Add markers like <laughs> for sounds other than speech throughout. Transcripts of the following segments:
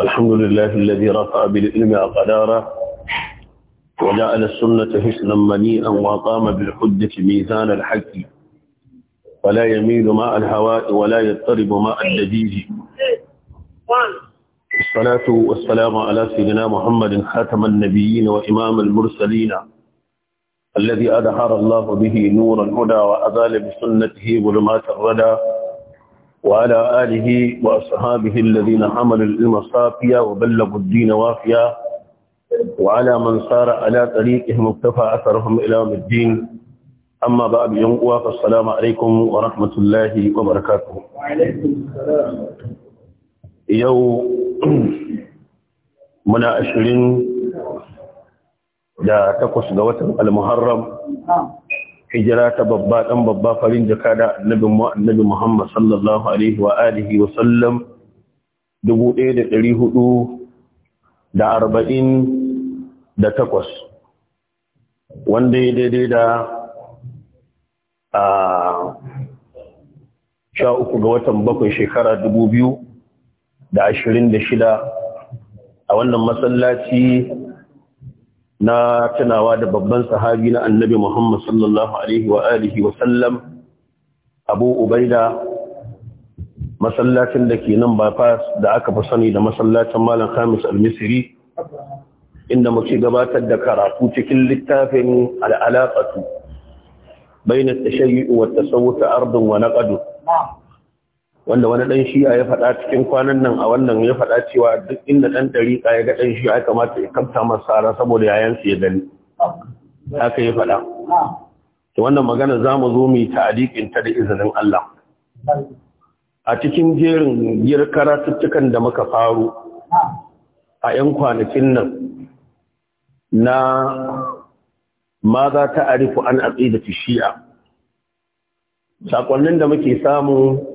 الحمد لله الذي رفع بالإلم أقدارا وجعل السنة حسنا منيئا وقام بالحجة ميزان الحق ولا يميل ماء الهواء ولا يضطرب ماء الدجيج الصلاة والسلام على سيدنا محمد خاتم النبيين وإمام المرسلين الذي أدهر الله به نور الهدى وأزال بسنته ظلمات الردى وعلى آله وأصحابه الذين حملوا العلم صافيا وبلغوا الدين وافيا وعلى من صار على طريقهم اكتفى أثرهم إلى يوم الدين أما بعد يوم السلام عليكم ورحمة الله وبركاته وعليكم السلام يوم <clears throat> منا عشرين da takwas ga watan al-muharram hijira ta babba dan babba farin jaka da annabi mu annabi Muhammad sallallahu alaihi wa alihi wa sallam 1400 da 40 da takwas wanda ya daidai da a sha uku ga watan bakwai shekara dubu biyu da ashirin da shida a wannan masallaci na tunawa da babban sahabi na annabi Muhammad sallallahu Alaihi wa sallam abu ubaida masallacin da ke nan bypass da aka fi sani da masallacin malam khamis al-misri inda muke gabatar da karatu cikin littafin al'alaƙatu bayan tashayi wa sauta ardun wa naƙadu wanda wani dan shi'a ya faɗa cikin kwanan nan a wannan ya faɗa cewa duk inda ɗan dariƙa ya ga dan shi'a ya kamata ya kamta masa saboda yayan su ya gani haka ya faɗa to wannan magana za mu zo mu yi ta'adikin ta da izinin Allah a cikin jerin girkara karatuttukan da muka faru a 'yan kwanakin nan na ma za ta arifu an aƙi shi'a saƙonnin da muke samu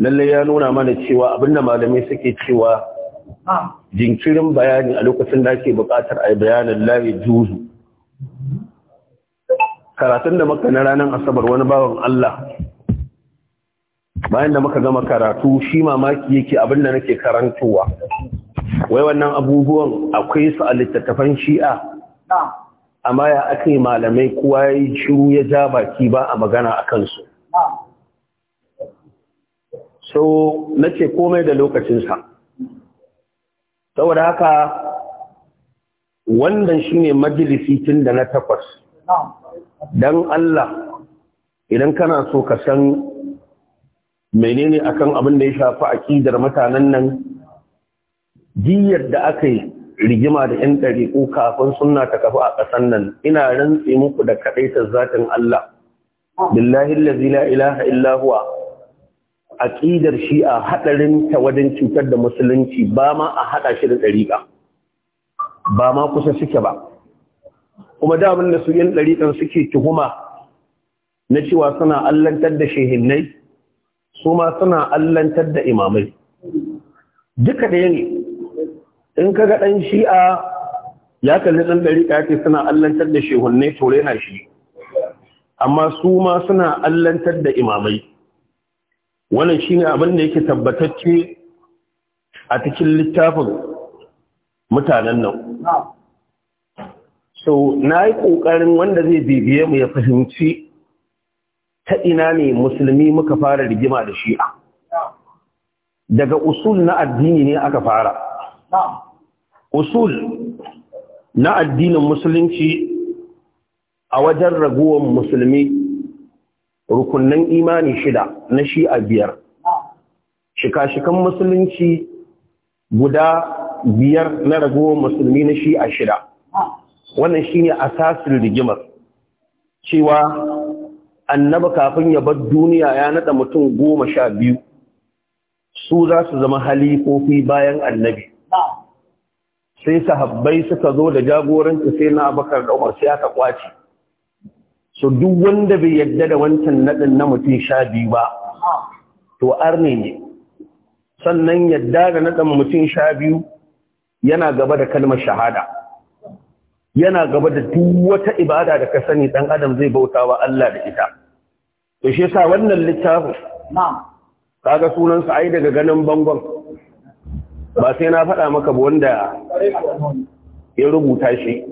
Lallai ya nuna mana cewa abinda malamai suke cewa ah. jinkirin bayani a lokacin da ake buƙatar a bayanin layi juzu karatun da maka na ranar asabar wani bawan Allah bayan da muka gama karatu shi mamaki yake abinda nake karantowa wai wannan abubuwan akwai su a littattafan shi'a ah. amma ya aka malamai kowa ya yi shiru ya ja baki ba a magana a kansu so na ce komai da lokacinsa saboda haka wannan shine majalisi tun da na takwas don Allah idan kana so ka san menene akan abin da ya shafi ƙidar mutanen nan jiyar da aka yi rigima da 'yan ɗariƙo kafin suna ta kafa a ƙasar nan ina rantse muku da kaɗaitar zatin Allah billahi la ilaha illahuwa aƙidar shi'a haɗarin ta wajen cutar da musulunci ba ma a haɗa shi da ɗariƙa ba ma kusa suke ba kuma damin da su yin ɗariƙan suke tuhuma na cewa suna allantar da shehinnai su ma suna allantar da imamai duka ɗaya ne in ka ga ɗan shi'a ya kalli ɗan ɗariƙa ce suna allantar da shehunnai to shi amma su ma suna allantar da imamai wannan shi ne abin da yake tabbatacce a cikin littafin mutanen nan so na yi ƙoƙarin wanda zai bibiye mu ya fahimci ta ina ne musulmi muka fara rigima da shi'a daga usul na addini ne aka fara usul na addinin musulunci a wajen raguwar musulmi rukunnan imani shida na shi a biyar shika-shikan musulunci guda biyar na ragowar musulmi na shi a shida wannan shi shine asasin rigimar cewa annaba kafin ya bar duniya ya nada mutum goma sha biyu su za su zama halifofi bayan annabi sai sahabbai suka zo da jagoranci sai na abakar da umar sai aka kwace so duk wanda bai yadda da wancan naɗin na mutum sha biyu ba to arne ne sannan yadda da naɗin mutum sha biyu yana gaba da kalmar shahada yana gaba da duk wata ibada da ka sani ɗan adam zai bauta wa Allah da ita to shi yasa wannan littafin kaga sunansa ai daga ganin bangon ba sai na faɗa maka ba wanda ya rubuta shi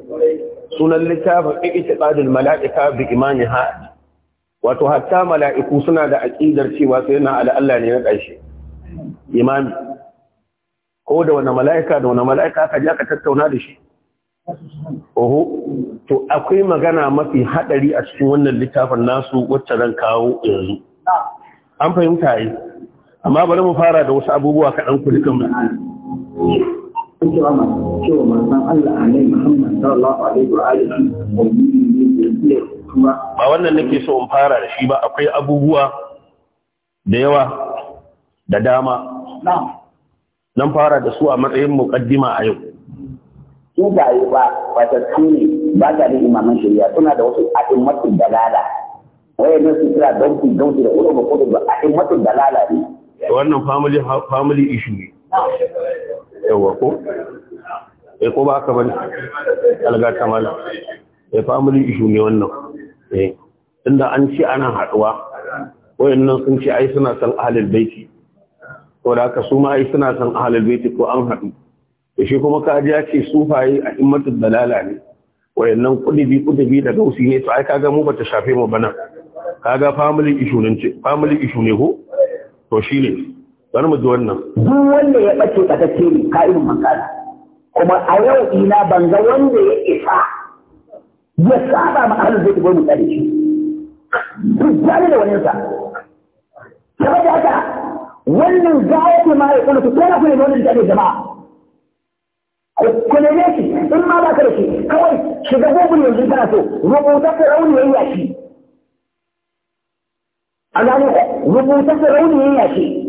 sunan littafin i'tiqadul mala'ika bi imani imaniha wato hatta mala'iku suna da aqidar cewa sai na ala Allah ne na ƙarshe imani ko da wani mala'ika da wani mala'ika ka ja ka tattauna da shi oho to akwai magana mafi hadari a cikin wannan littafin nasu wacce zan kawo yanzu an fahimta yi amma bari mu fara da wasu abubuwa kaɗan kulikan mu كرما Allah من الله عليه محمد صلى الله عليه وآله ba wannan nake so in fara da shi ba akwai abubuwa da yawa da dama nan fara da su a matsayin mukaddima a yau su ba yi ba fatattu tuni ba ta da imaman shari'a suna da wasu matsin dalala wayannan su kira dauki dauki da kudu ba da matsin dalala ne wannan family issue ne yawa ko E, ko ba ka bane ta mala e eh, family issue ne wannan eh tunda an ci ana haduwa wayannan sun ci ai suna san ahlul baiti ko da haka su ma ai suna san ahlul baiti ko an hadu da shi kuma ka ji ake sufaye a immatul dalala ne wayannan kudi bi da gausi ne to ai kaga mu bata shafe mu bana kaga family issue ne family issue ne ko to shine bari mu ji wannan duk wanda ya bace ni ka irin mankala kuma a yau ina ban ga wanda ya isa ya saba ma ahlul bait ko mutane shi duk da wani sa saboda haka wannan ne ma ya kullu ko na da wannan da jama'a ku ne shi in ma ba ka da shi kawai shiga google yanzu kana so rubuta rauni yayi yashi a gane rubuta rauni yayi yashi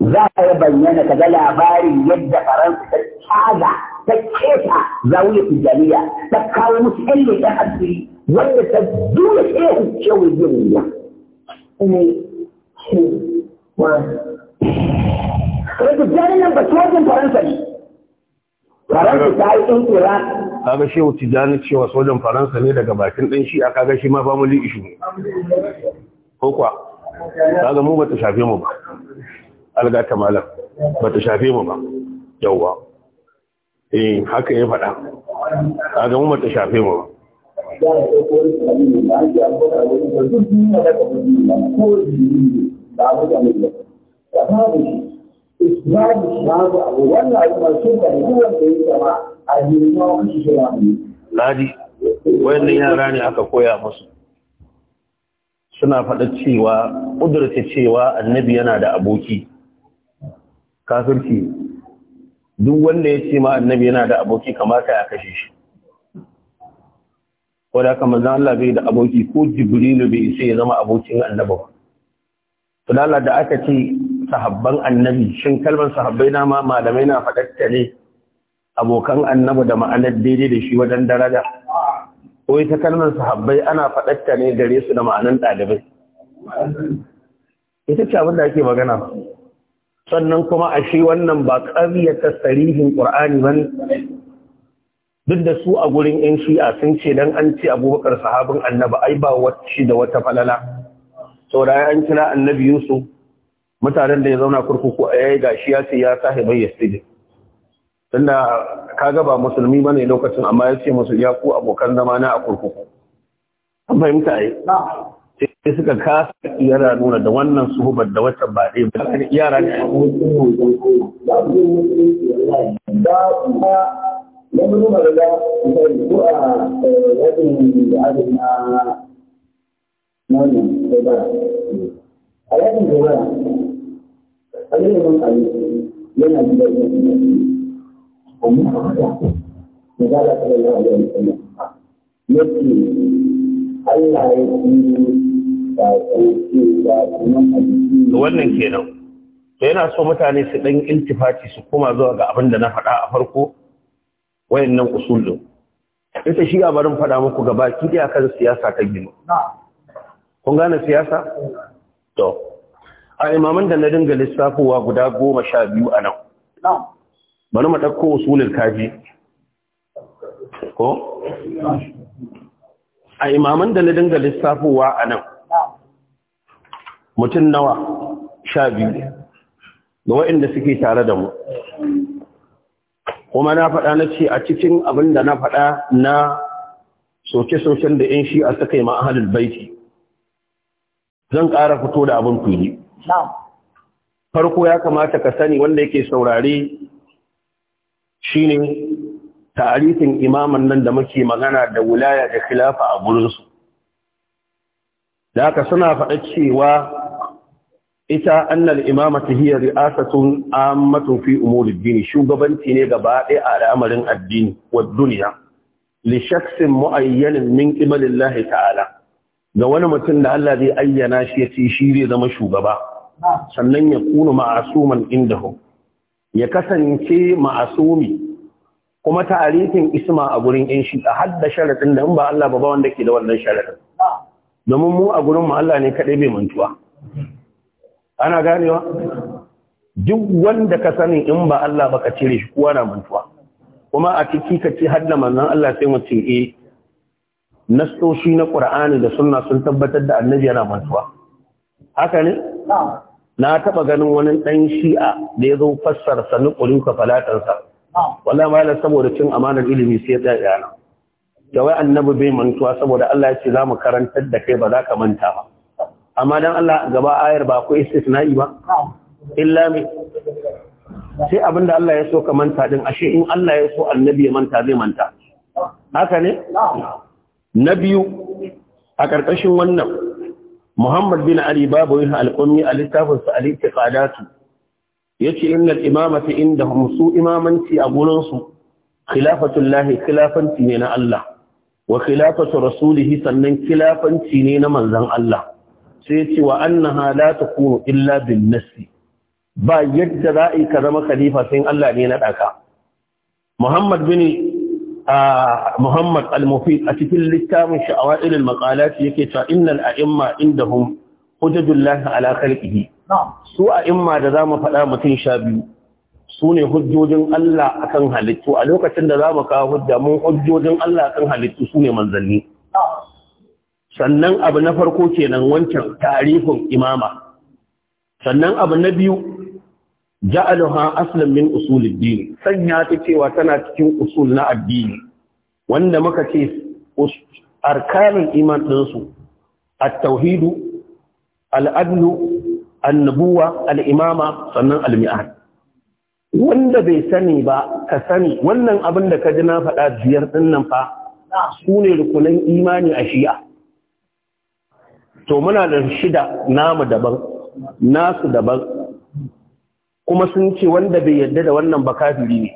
za yi bayyana ka ga labarin yadda faransa ta caza ta keta zawiyar tijaniya ta kawo musu yan leƙen asiri wanda ta dole shehu cewa yin ya Kuma tijjani nan ba sojin Faransa ne. Faransa ta yi ɗin Ka ga shehu tijani cewa sojan Faransa ne daga bakin ɗin shi a kaga shi ma family issue ne. Ko kuwa? kaga mu bata shafe mu ba alga ta malam bata shafe mu ba yawa eh haka ya faɗa kaga mu bata shafe mu ba Ladi, wannan yara ne aka koya musu. suna faɗa cewa ƙudurta cewa annabi yana da aboki kafirci duk wanda ya ce ma annabi yana da aboki kamata ya kashe shi wadda kamar zan Allah bai da aboki ko jibrilu bai sai ya zama abokin annabi ba to da da aka ce sahabban annabi shin kalmar sahabbai na ma malamai na faɗatta ne abokan annabi da ma'anar daidai da shi wajen daraja ko ita kalmar sahabbai ana faɗatta ne gare su da ma'anan ɗalibai ita ce abin da ake magana sannan kuma a shi wannan ba ƙaryata sarihin ƙur'ani ba duk da su a gurin yan shi'a sun ce don an ce abubakar sahabin annaba ai ba wacce da wata falala saboda an kira annabi yusuf mutanen da ya zauna kurkuku a yayi gashi ya ce ya sahibai yastidin tunda kaga ba musulmi ne lokacin amma ya ce musu ya ku abokan zama na a kurkuku an fahimta yi sai suka kasa yara nuna da wannan suhubar da wata ba ɗaya ba haka yara ne a yakin da wara a yana da wannan kenan to yana so mutane su ɗan iltifati su koma zuwa ga abin da na faɗa a farko wayannan usulun ita shi barin faɗa muku gaba Ki da kan siyasa ta gino kun gane siyasa to a imaman da na dinga lissafowa guda goma sha biyu a nan bari mu ɗauko usulul kafi ko a imaman da na dinga lissafowa a nan mutum nawa sha biyu ga waɗanda suke tare da mu kuma na faɗa na ce a cikin abin da na faɗa na soke-soken da 'yan a suka yi ma'ahalin baiti zan ƙara fito da abin kuli farko ya kamata ka sani wanda yake saurari. shine ta'arifin imaman nan da muke magana da wilaya da khilafa a gurinsu da haka suna faɗa cewa ita annal ta hiya ri'asatun ammatun fi dini shugabanci ne gaba ɗaya a al'amarin addini wa duniya li shakhsin mu'ayyanin min qibalillahi ta'ala ga wani mutum da Allah zai ayyana shi ya ce shi zai zama shugaba sannan ya kunu ma'asuman indahu ya kasance ma'asumi kuma tarihin isma a gurin yan shi a hadda sharaɗin da in ba Allah ba ba wanda ke da wannan sharaɗin domin mu a gurin mu Allah ne kaɗai bai mantuwa ana ganewa duk wanda ka sani in ba Allah ba ka cire shi kowa na mantuwa kuma a ciki ka ci hadda manzan Allah sai mu ce eh nastoshi na ƙur'ani da sunna sun tabbatar da annabi yana mantuwa haka ne na taɓa ganin wani ɗan shi'a da ya zo fassara sanin ka falatansa wallahi malam saboda cin amanar ilimi sai ya tsaya nan da wai annabi bai mantuwa saboda Allah ya ce za mu karantar da kai ba za ka manta ba amma dan Allah gaba ayar ba ku istisna'i ba illa mi sai abinda Allah ya so ka manta din ashe in Allah ya so annabi ya manta zai manta haka ne na biyu a ƙarƙashin wannan Muhammad bin Ali babu yin alƙummi a littafinsa al-Iqadatu yace innal imamati indahum su imamanci a gurin su khilafatullahi khilafanci ne na Allah wa khilafatu rasulih sannan khilafanci ne na manzon Allah sai yace wa annaha la takunu illa bin nasi ba yadda za a ka zama khalifa sai Allah ne na daka Muhammad bin Muhammad al-Mufid a cikin littafin sha'awa'il al-maqalat yake cewa innal a'imma indahum hujajullahi ala khalqihi su a imma da za mu faɗa mutum sha biyu su ne hujjojin Allah a kan halittu a lokacin da za mu kawo hujja mun hujjojin Allah a kan halittu su ne manzanni sannan abu na farko kenan wancan tarihin imama sannan abu na biyu ja'aluha aslan min usuluddin sanya ta cewa tana cikin usul na addini wanda muka ce arkanin iman ɗinsu at-tauhidu al-adlu annabuwa al'imama sannan al'mi'an wanda bai sani ba ka sani wannan abin da ka ji na faɗa biyar ɗin nan fa su ne rukunan imani a shi'a to muna da shida namu daban nasu daban kuma sun ce wanda bai yadda da wannan ba kafiri ne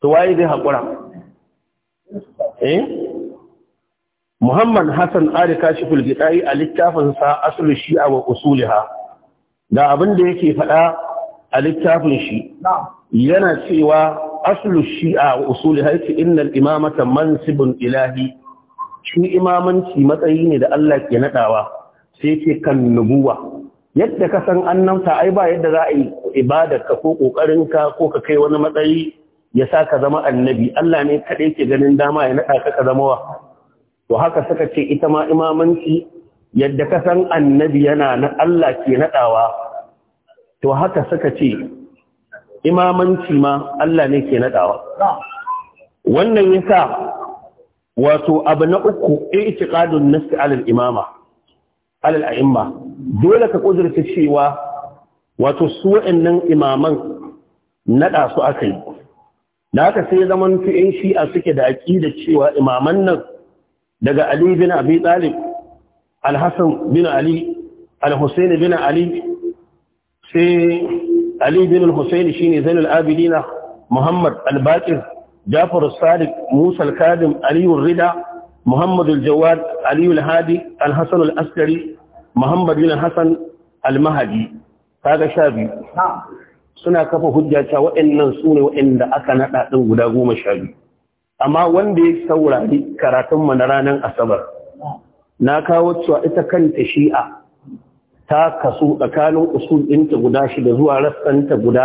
to waye zai haƙura eh Muhammad Hassan Ali Kashiful Gidai a littafin sa Asul Shi'a wa Usuliha da abin yake faɗa a littafin shi yana cewa Aslu Shi'a wa Usuliha yace innal imamata mansibun ilahi shi imamanci matsayi ne da Allah ke nadawa sai yake kan nubuwa yadda ka san annabta ai ba yadda za a yi ibada ka ko kokarin ka ko ka kai wani matsayi ya sa ka zama annabi Allah ne kaɗai ke ganin dama ya naɗa ka ka zama wa to haka suka ce ita ma imamanci yadda ka san annabi yana na Allah ke nadawa to haka suka ce imamanci ma Allah ne ke nadawa wannan yasa wato abu na uku i'tiqadun nas alal imama alal a'imma dole ka kudurta cewa wato su wa'annan imaman nada su akai da haka sai zaman fi'in shi'a suke da aqida cewa imaman nan daga Ali bin Abi Talib Al-Hassan bin Ali Al-Hussein bin Ali sai Ali bin Al-Hussein shine Zainul Abidin Muhammad Al-Baqir Jafar Sadiq Musa Al-Kadim Ali Rida Muhammad Al-Jawad Ali Al-Hadi Al-Hasan Al-Askari Muhammad bin Hassan Al-Mahdi kaga sha biyu suna kafa hujja cewa waɗannan su waɗanda aka naɗa ɗin guda goma sha biyu amma wanda ya saurari karatun karatunmu na ranar asabar na kawo cewa ita kanta shi'a ta kasu tsakanin usul ɗinta guda shida zuwa rassanta guda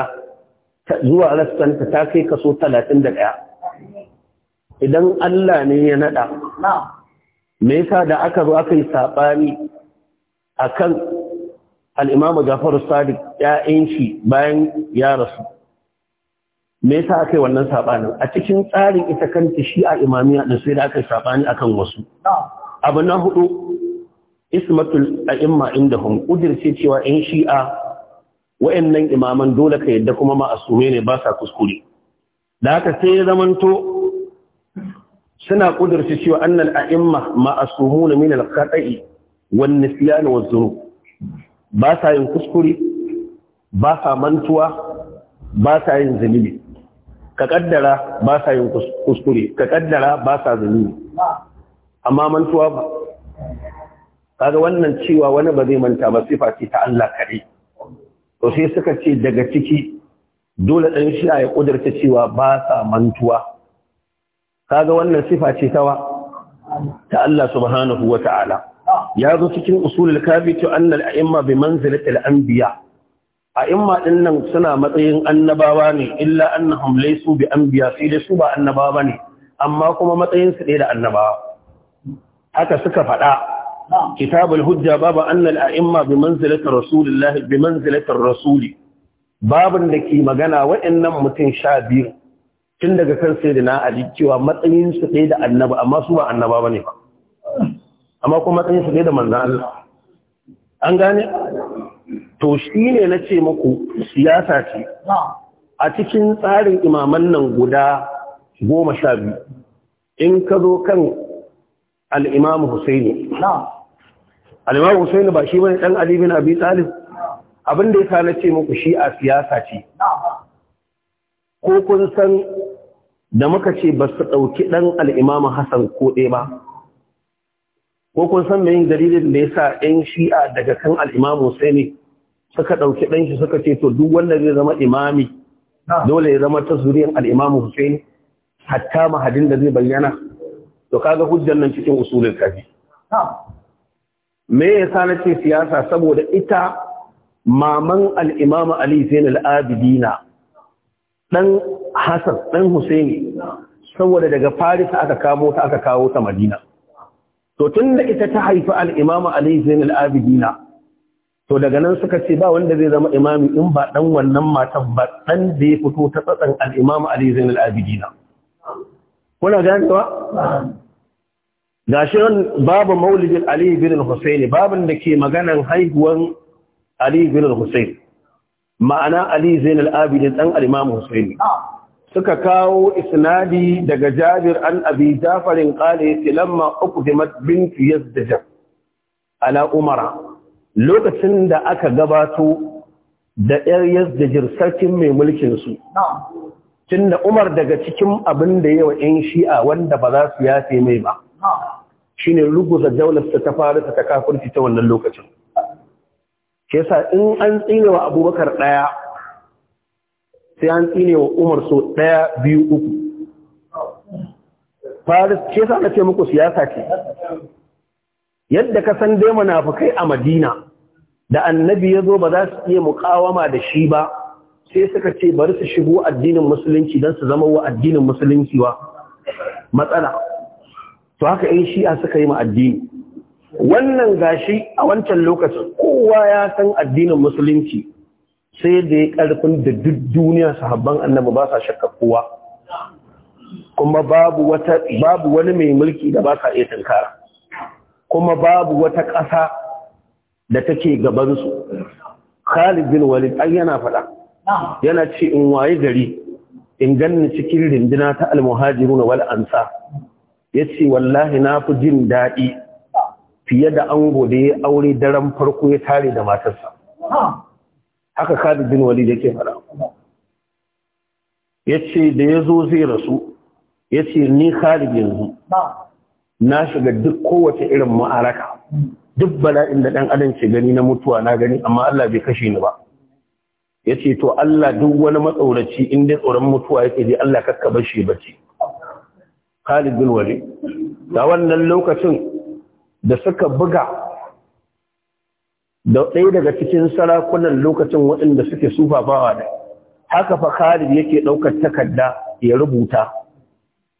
zuwa rassanta ta kai kaso talatin da ɗaya idan Allah ne ya naɗa me yasa da aka zo aka yi saɓani a kan al'imamu jafar sadiq ‘ya'yan shi bayan ya rasu me yasa aka yi wannan sabanin a cikin tsarin ita kanta shi a imamiya din sai da aka sabani akan wasu abu na hudu ismatul a'imma indahum kudirce cewa yan shi'a wayannan imaman dole ka yadda kuma asume ne ba sa kuskure da haka sai ya zamanto suna kudirce cewa annal a'imma asumuna min al-khata'i wan nisyan wa dhunub ba sa yin kuskure ba sa mantuwa ba sa yin zunubi ka kaddara ba sa yin kuskure ka kaddara ba sa zunubi amma mantuwa ba kaga wannan cewa wani ba zai manta ba sifa ce ta Allah kare to sai suka ce daga ciki dole dan shi ya kudurta cewa ba sa mantuwa kaga wannan sifa ce ta wa ta Allah subhanahu wata'ala ya zo cikin usulul kafi to annal a'imma bi manzilatil anbiya' a imma din nan suna matsayin annabawa ne illa annahum laysu bi anbiya sai dai su ba annabawa ne amma kuma matsayin su da annabawa haka suka faɗa kitabul hujja babu annal a'imma bi manzilati rasulillah bi manzilati rasuli babun da ke magana waɗannan mutum sha biyu tun daga kan sayyidina ali cewa matsayin su da annabi amma su ba annabawa ne ba amma kuma matsayin su da manzon Allah an gane to shi ne na ce maku siyasa ce a cikin tsarin imaman nan guda goma sha biyu in ka zo kan al'imamu husaini al'imamu husaini ba shi wani ɗan alibin abi talib abinda ya sa na ce maku shi a siyasa ce ko kun san da muka ce ba su ɗauki ɗan al'imamu hassan ko ba ko kun san mai dalilin da ya sa ‘yan shi'a daga kan al'imamu husaini’ suka ɗauki ɗanshi suka ce to duk wanda zai zama imami dole ya zama ta zuriyan al'imamu Hussein hatta mahadin da zai bayyana to kaga hujjar nan cikin usulul kafi me yasa nace siyasa saboda ita maman al'imamu imam Ali Zain al-Abidina dan Hassan dan Hussaini saboda daga Farisa aka kamo ta aka kawo ta Madina to tunda ita ta haifi al'imamu imam Ali Zain al-Abidina to daga nan suka ce ba wanda zai zama imami in ba dan wannan matan ba dan da ya fito ta tsatsan al-imamu Ali Zainul Abidina kuna ganewa gashi nan babu maulidin Ali bin Husaini babin da ke maganan haihuwan Ali bin Husaini ma'ana Ali Zainul Abidin dan al-imamu Husaini suka kawo isnadi daga jabir an abi jafarin kale ce lamma uku da bintu ala umara lokacin da aka gabato da areas yadda jirsarkin mai mulkinsu tun da umar daga cikin abin da yawa 'yan shi'a wanda ba za su yafe mai ba shi ne ruguza daularsa ta fara ta kafurci ta wannan lokacin ke sa in an tsine wa abubakar ɗaya sai an tsine wa umar so ɗaya biyu uku faris ke sa na ce muku siyasa ce yadda ka san dai munafukai a Madina da annabi ya zo ba za su iya muƙawama da shi ba sai suka ce bari su shigo addinin musulunci dan su zama wa addinin musulunci wa matsala to haka in shi'a suka yi ma addini wannan gashi a wancan lokacin kowa ya san addinin musulunci sai da ya karfin da duk duniya sahabban annabi ba sa shakka kowa kuma babu wata babu wani mai mulki da ba sa iya tunkara kuma babu wata ƙasa da take gabansu Khalid bin Walid ai yana faɗa yana ce in waye gari in ganni cikin rindina ta almuhajiruna wal ansa yace wallahi na fi jin daɗi fiye da ango da ya aure daren farko ya tare da matarsa haka Khalid bin Walid yake faɗa yace da yazo zai rasu yace ni Khalid yanzu na shiga duk kowace irin ma'araka duk bala'in da ɗan adam ce gani na mutuwa na gani amma Allah bai kashe ni ba ya ce to Allah duk wani matsauraci inda tsoron mutuwa yake je Allah kakka bar shi bace Khalid bin Walid da wannan lokacin da suka buga da ɗaya daga cikin sarakunan lokacin waɗanda suke sufafawa da haka fa Khalid yake ɗaukar takarda ya rubuta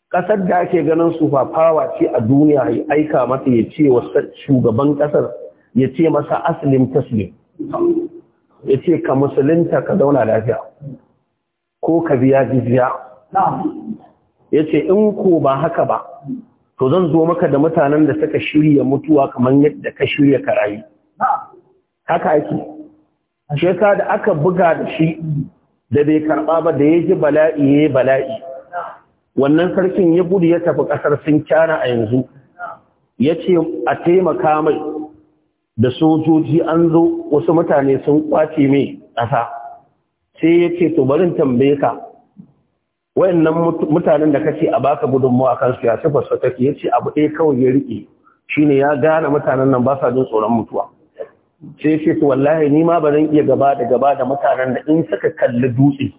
ƙasar da ake ganin su fafawa ce a duniya ya aika mata ya ce wa shugaban ƙasar ya ce masa asilin taslim ya ce ka musulinta ka zauna lafiya ko ka biya jizya ya ce in ko ba haka ba to zan zo maka da mutanen da suka shirya mutuwa kamar yadda ka shirya karayi haka ake shi da aka buga da shi da bai karɓa ba da ya ji bala'i ya yi bala'i wannan sarkin ya gudu ya tafi ƙasar sun kyana a yanzu ya ce a taimaka mai da sojoji an zo wasu mutane sun kwace mai ƙasa sai ya ce to barin tambaye ka wayannan mutanen da kace a baka gudunmawa kansu ya sifar su take ya ce abu ɗaya kawai ya riƙe shine ya gane mutanen nan ba sa jin tsoron mutuwa sai ce to wallahi ni ma ba zan iya gaba da gaba da mutanen da in suka kalli dutse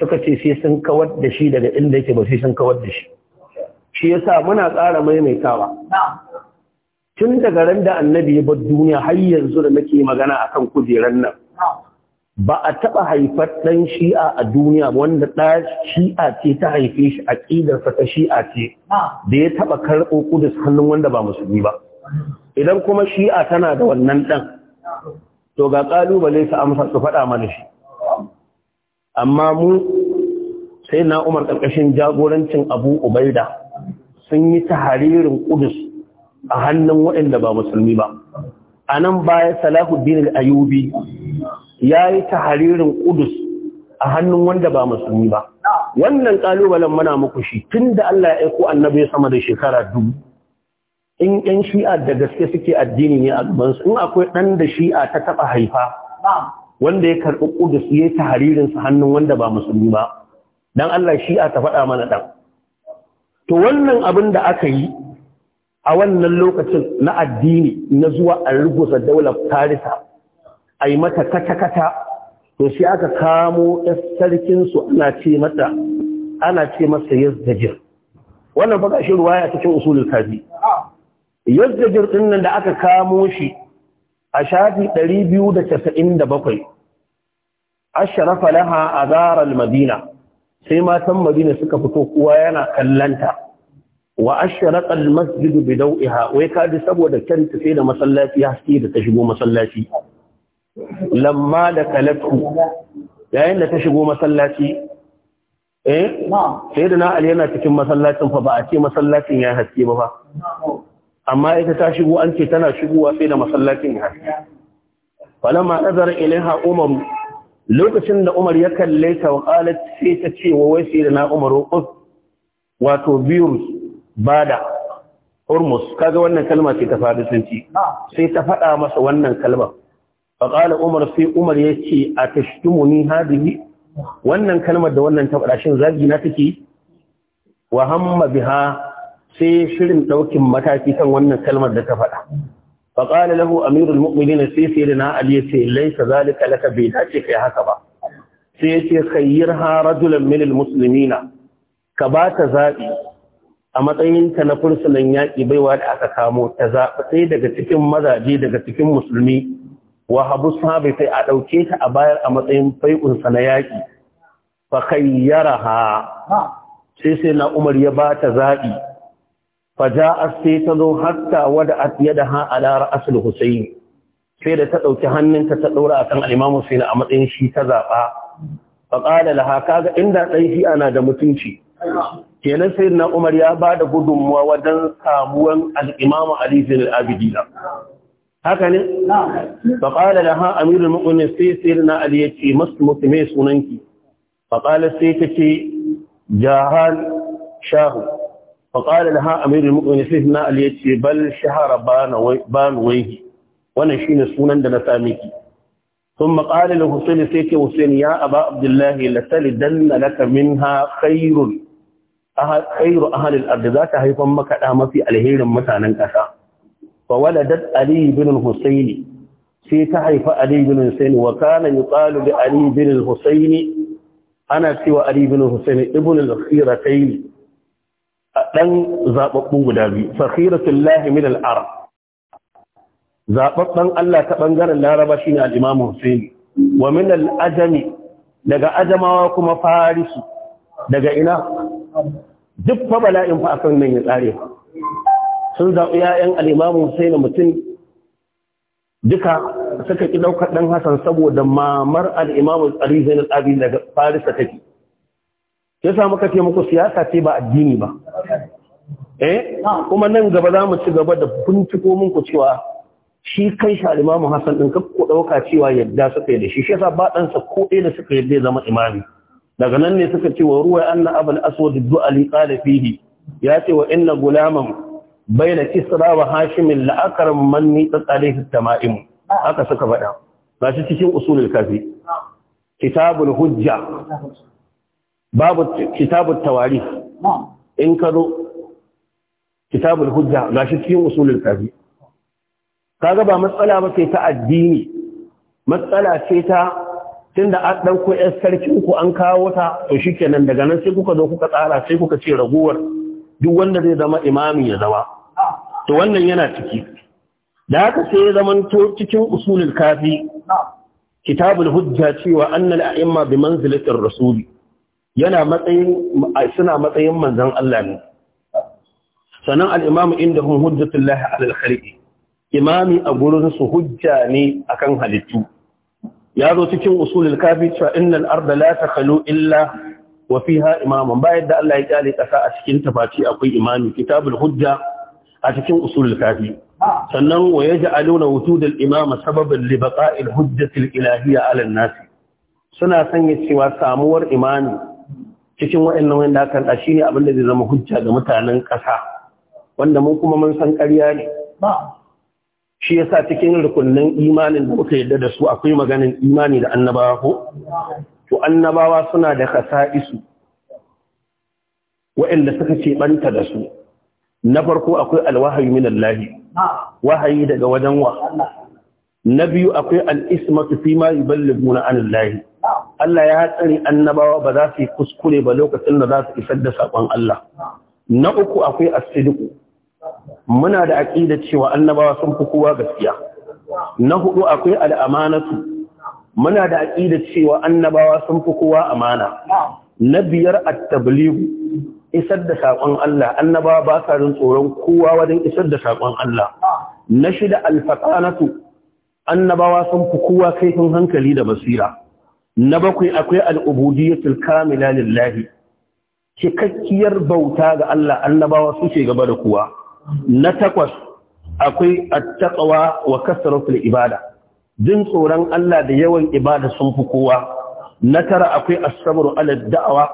suka ce sai sun kawar da shi daga inda yake ba sai sun kawar da shi shi ya sa muna ƙara maimaitawa tun daga ran da annabi ya bar duniya har yanzu da nake magana akan kujerar nan ba a taɓa haifar ɗan shi'a a duniya wanda ɗa shi'a ce ta haife shi a ƙidarsa ta shi'a ce da ya taɓa karɓo kudus hannun wanda ba musulmi ba idan kuma shi'a tana da wannan ɗan to ga ƙalubale su amsa su faɗa mana shi amma mu sai na umar ƙarƙashin jagorancin abu ubaida sun yi taharirin ƙudus a hannun waɗanda ba musulmi ba a nan baya salahuddin al'ayubi ya yi taharirin ƙudus a hannun wanda ba musulmi ba wannan ƙalubalen mana muku shi tun da Allah ya aiko annabi sama da shekara dubu in ƴan shi'a da gaske suke addini ne a gabansu in akwai ɗan da shi'a ta taɓa haifa wanda ya karɓi ƙudus ya yi taharirin sa hannun wanda ba musulmi ba Don Allah shi'a ta faɗa mana ɗan. to wannan abin da aka yi a wannan lokacin na addini na zuwa a rugusa daular Tarisa a yi mata kata-kata to shi aka kamo sarkinsu ana ce mata ana ce masa yazdajir wannan fa shi ruwaya cikin usulul kazi yazdajir ɗin nan da aka kamo shi a shafi 297 ashrafa laha azar al-madina sai matan madina suka fito kowa yana kallanta wa ashraqa al-masjid bi dawiha wai kaji saboda kan tafi da masallaci haske da ta shigo masallaci lamma da kalatu yayin da ta shigo masallaci eh sai da na ali yana cikin masallacin fa ba a ce masallacin ya haske ba fa amma ita ta shigo an ce tana shigowa sai da masallacin ya haske falamma nazara ilaiha Umar lokacin da umar ya kalle ta qalat sai ta ce wa wai sai da na umaru us wato biyu bada hormus kaga wannan kalma ce ta fadisanci sai ta faɗa masa wannan kalma qala umar sai umar ya ce a tashtumuni hadihi wannan kalmar da wannan ta faɗa shin zagi na take wa hamma biha sai shirin ɗaukin mataki kan wannan kalmar da ta faɗa faƙala lahu amirul mu'minin sai sai da na ali ce laisa zalika laka bai dace kai haka ba sai yace ha rajulan min almuslimina ka ba ta zabi a matsayin ta na fursunan yaki baiwa da aka kamo ta zabi sai daga cikin mazaje daga cikin musulmi wa habu sahabi sai a ɗauke ta a bayar a matsayin fai'un na yaki fa khayyaraha sai sai na umar ya ba ta zabi ta zo فجاءت سيتذو حتى daha a lara asali الحسين sai da ta ɗauki hannunta ta ɗora a kan alimamu sai a matsayin shi ta zaɓa ba ƙada da haka ga inda ɗan shi ana da mutunci kenan sai na umar ya ba da gudunmuwa wajen samuwan al'imamu ali bin al'abidina haka ne ba ƙada da ha amirul sai sai na ali ya ce masu mutume sunanki ba ƙada sai ta ce jahan shahu faƙalar ha amirin mu'mini na ali ya ce bal shahara banu waihi wannan shine sunan da na sami ki sun maƙalar da husaini sai ke husaini ya aba abdullahi lasali danna laka min ha khairun khairu ahalil ardi za haifan maka da mafi alherin mutanen ƙasa fa waladat ali bin husaini sai ta haifa Ali bin Husaini wa kana yuqalu bi Ali bin Husaini ana cewa Ali bin Husaini ibn al-Khiratayn a ɗan zaɓaɓɓu guda biyu fakhiratul lahi min al zaɓaɓɓen Allah ta ɓangaren laraba shi ne imam Hussein wa min al-ajami daga ajamawa kuma farisu daga ina duk fa bala'in fa akan nan ya tsare sun zaɓi ‘ya'yan al'imamu sai mutum duka suka ƙi ɗaukar ɗan Hassan saboda mamar al'imamu Ali Zainal Abin daga Faris ta take. ya samu muka ce muku siyasa ce ba addini ba eh ah. kuma nan gaba za mu ci gaba da binciko muku cewa shi kai shi alimamu hasan Hassan din ka ku dauka cewa yadda suka yi da shi shi yasa ba dan sa ko ɗaya da suka yadda zama imami daga nan ne suka ce wa ruwa anna abul aswad du'ali qala fihi ya ce wa inna gulaman baina kisra wa hashim la'akram ni tsalihi tama'im haka suka faɗa shi cikin usulul kafi ah. kitabul hujja babu kitabut tawari in ka zo kitabul hujja gashi cikin usulul kafi kaga ba matsala ba sai ta addini matsala ce ta tunda an dauko yar sarkin ku an kawo ta to shikenan daga nan sai kuka zo kuka tsara sai kuka ce raguwar duk wanda zai zama imami ya zama to wannan yana ciki da haka sai ya zama cikin usulul kafi kitabul hujja cewa annal a'imma bi manzilatir rasuli yana matsayin suna matsayin manzon Allah ne sanan al-imamu indahum hujjatullahi alal khalqi imami a gurin su hujja ne akan halittu ya zo cikin usulul kafi cewa innal arda la takhalu illa wa fiha imaman ba yadda Allah ya kyale kasa a cikin tafaci akwai imami kitabul hujja a cikin usulul kafi sannan wa yaj'aluna wujudal imama sababan li baqa'il hujjatil ilahiyya alan an-nas suna sanya cewa samuwar imami cikin waɗannan wanda aka rada shine abin da zai zama hujja ga mutanen ƙasa wanda mun kuma mun san ƙarya ne ba shi yasa cikin rukunnan imanin da muka yarda da su akwai maganin imani da annabawa ko to annabawa suna da kasa'isu waɗanda suka ce banta da su na farko akwai alwahayi min Allah wahayi daga wajen wa na biyu akwai al-ismatu fi ma yuballighuna an Allah Allah ya tsare annabawa ba za su yi kuskure ba lokacin da za su isar da saƙon Allah. Na uku akwai asidiku. Muna da aƙida cewa annabawa sun fi kowa gaskiya. Na hudu akwai al'amanatu. Muna da aƙida cewa annabawa sun fi kowa amana. Na biyar at-tabligu isar da saƙon Allah annabawa ba sa jin tsoron kowa wajen isar da saƙon Allah. Na shida alfaƙanatu annabawa sun fi kowa kaifin hankali da basira. na bakwai akwai al'ubudiyatul kamila lillahi cikakkiyar bauta ga Allah annabawa su ce gaba da kuwa na takwas akwai attaqwa wa kasratul ibada jin tsoron Allah da yawan ibada sun fi kowa na tara akwai Asabar sabru ala da'awa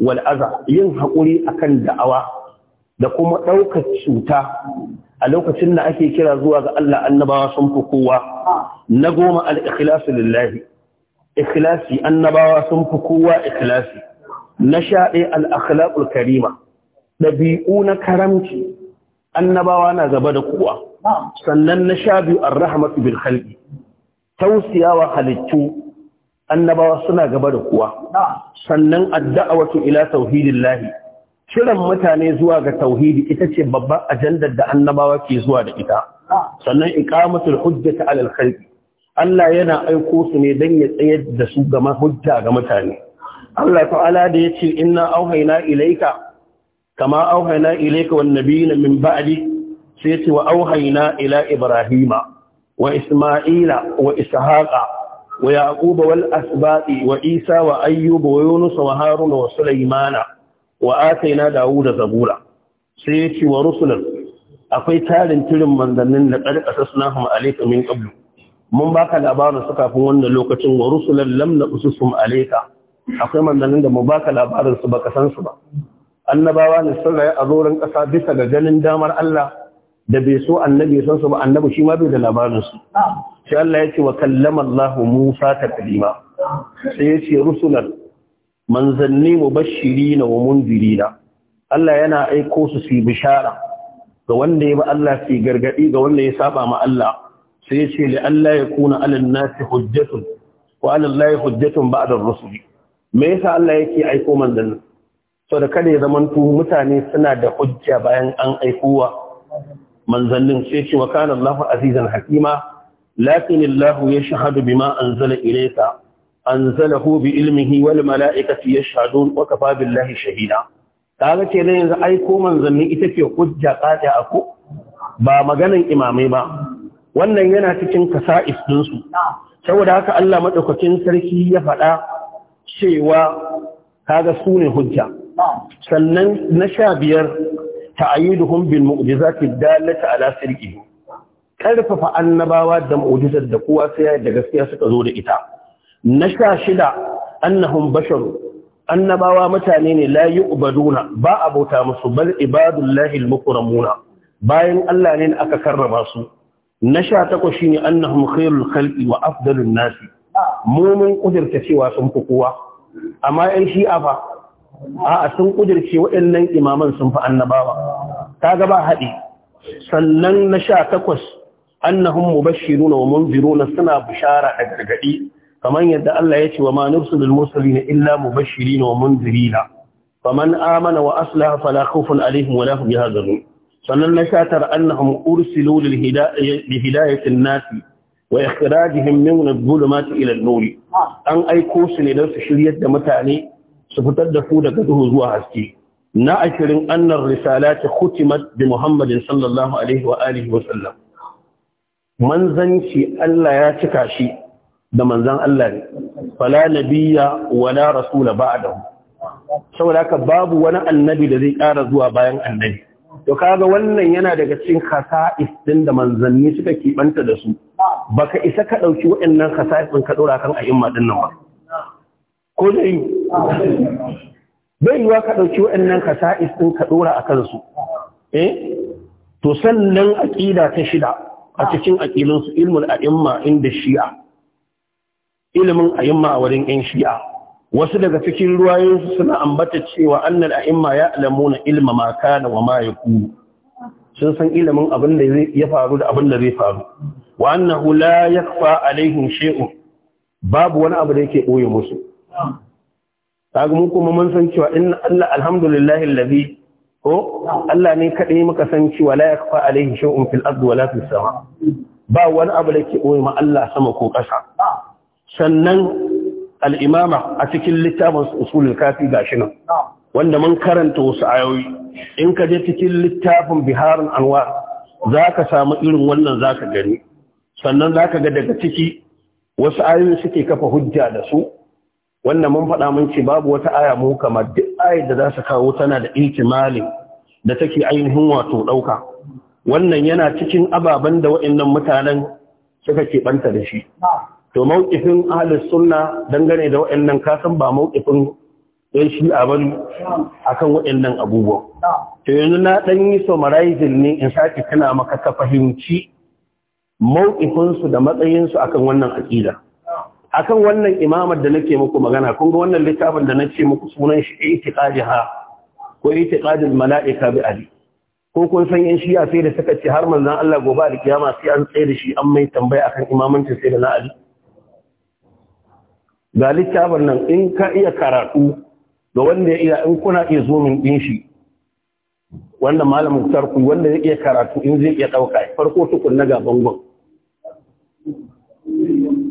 wal aza yin haƙuri akan da'awa da kuma ɗaukar cuta a lokacin da ake kira zuwa ga Allah annabawa sun fi kowa na goma al-ikhlasu lillahi ikhlasi annabawa sun fi kowa ikhlasi na shaɗe al'akhlaƙul karima ɗabi'u na karamci annabawa na gaba da kowa sannan na sha biyu an rahmatu bil khalqi tausiyawa halittu annabawa suna gaba da kowa sannan adda'awatu ila lahi kiran mutane zuwa ga tauhidi ita ce babbar ajandar da annabawa ke zuwa da ita sannan iƙamatul hujjati alal khalqi Allah yana aiko su ne don ya tsayar da su ga hujja ga mutane Allah ta'ala da ya ce inna auhaina ilaika kama auhaina ilaika nabi na min ba'adi? sai ce wa auhaina ila ibrahima wa isma'ila wa ishaƙa wa yaƙuba wal wa isa wa ayyuba wa yunus wa haruna wa sulaimana wa ataina dawuda zabura sai ya ce wa Rusulun, akwai tarin tirin manzannin da ƙarƙasa suna hama min ƙablu mun baka labarin su kafin wannan lokacin wa rusulan lam naqsusum alayka akwai manzannin da mu baka labarin su baka san su ba annabawa ne sun rayu a zoren ƙasa bisa ga ganin damar Allah da bai so annabi san su ba annabi shi ma bai da labarin su sai Allah wa kallama Allah Musa ta taklima sai ya ce rusulan manzanni mubashirin wa munzirina Allah yana aiko su su bishara ga wanda ya ba Allah su gargadi ga wanda ya saba ma Allah sai ya ce la Allah ya kuna alal nasi hujjatun wa alal lahi hujjatun ba'da rusuli me yasa Allah yake aiko manzon so da kada ya zamanto mutane suna da hujja bayan an aikowa manzannin sai ce wa kana Allahu azizan hakima lakin Allah yashhadu bima anzala ilayka anzalahu bi ilmihi wal mala'ikati yashhadun wa kafa billahi shahida kaga ce yanzu aiko manzanni ita ce hujja kada ko. ba maganan imamai ba wannan yana cikin kasa'is ɗinsu saboda haka Allah maɗaukakin sarki ya faɗa cewa kaga su ne hujja sannan na sha biyar ta'ayyuduhum bil mu'jizati dallata ala sirqi karfafa annabawa da mu'jizar da kowa sai da gaskiya suka zo da ita na sha shida annahum basharu annabawa mutane ne la yu'baduna ba abota musu bal ibadullahi al bayan Allah ne aka karrama su na sha takwas shine annahum khairul khalqi wa afdalun nasi mu mun cewa sun fi kowa amma yan shi'a fa a'a sun kudirce waɗannan imaman sun fi annabawa Ta ba haɗi sannan na sha takwas annahum mubashshiruna wa munziruna suna bishara da gargadi kamar yadda Allah ya ce wa ma nursilul na illa mubashshirina wa munzirina faman amana wa aslaha fala khawfun alaihim wa la hum yahzanun sannan na shatar annahum ursilu lil hidayati an-nas wa ikhrajihim min adh-dhulumati ila an-nur an aiko su ne don su shiryar da mutane su fitar da su daga duhu zuwa haske na akirin annar risalati khutimat bi muhammadin sallallahu alaihi wa alihi wa sallam manzanci Allah ya cika shi da manzan Allah ne fala nabiyya wala rasula ba'dahu saboda haka babu wani annabi da zai ƙara zuwa bayan annabi to kaga wannan yana daga cikin khasa'is din da manzanni suka kibanta da su baka isa ka dauki waɗannan khasa'is din ka dora kan a'imma din nan ba ko dai bai yiwa ka dauki waɗannan khasa'is din ka dora akan su eh to sannan aqida ta shida a cikin aqilun su ilmul a'imma inda shi'a ilimin a'imma a wurin ƴan shi'a wasu daga cikin ruwayoyinsu suna ambata cewa annal a'imma ya alamuna ilma ma kana wa ma yakunu sun san ilimin abin da ya faru da abin da zai faru wa annahu la yakfa alaihim shay'un babu wani abu da yake boye musu kaga mu kuma mun san cewa inna Allah alhamdulillahi allazi ko Allah ne kadai muka san cewa la yakfa alaihi shay'un fil ardi wala fis sama ba wani abu da yake boye ma Allah sama ko ƙasa sannan al'imama a cikin littafin usulul kafi gashi nan wanda mun karanta wasu ayoyi in ka je cikin littafin biharin anwa za ka samu irin wannan za ka gani sannan za ka ga daga ciki wasu ayoyi suke kafa hujja da su wannan mun faɗa mun ce babu wata aya mu kamar duk ayi da za su kawo tana da itimali da take ainihin wato ɗauka wannan yana cikin ababen da waɗannan mutanen suka keɓanta da shi to mawqifin ahlus sunna dangane da wayannan kasan ba mawqifin yan shi'a bane akan wayannan abubuwa to yanzu na ɗan yi summarizing ne in saki kana maka ka fahimci mawqifin da matsayinsu su akan wannan aqida akan wannan imamar da nake muku magana kun ga wannan littafin da nace muku sunan shi itiqadiha ko itiqadul mala'ika bi ali ko kun san yan shi'a sai da suka ce har manzon Allah gobe alkiyama sai an tsaye da shi an mai tambaya akan imamancin sai da na Ali ga littafin nan in ka iya karatu da wanda ya iya in kuna iya zo min din shi wanda malamin tarku wanda ya iya karatu in zai iya ɗauka farko tukun na gaban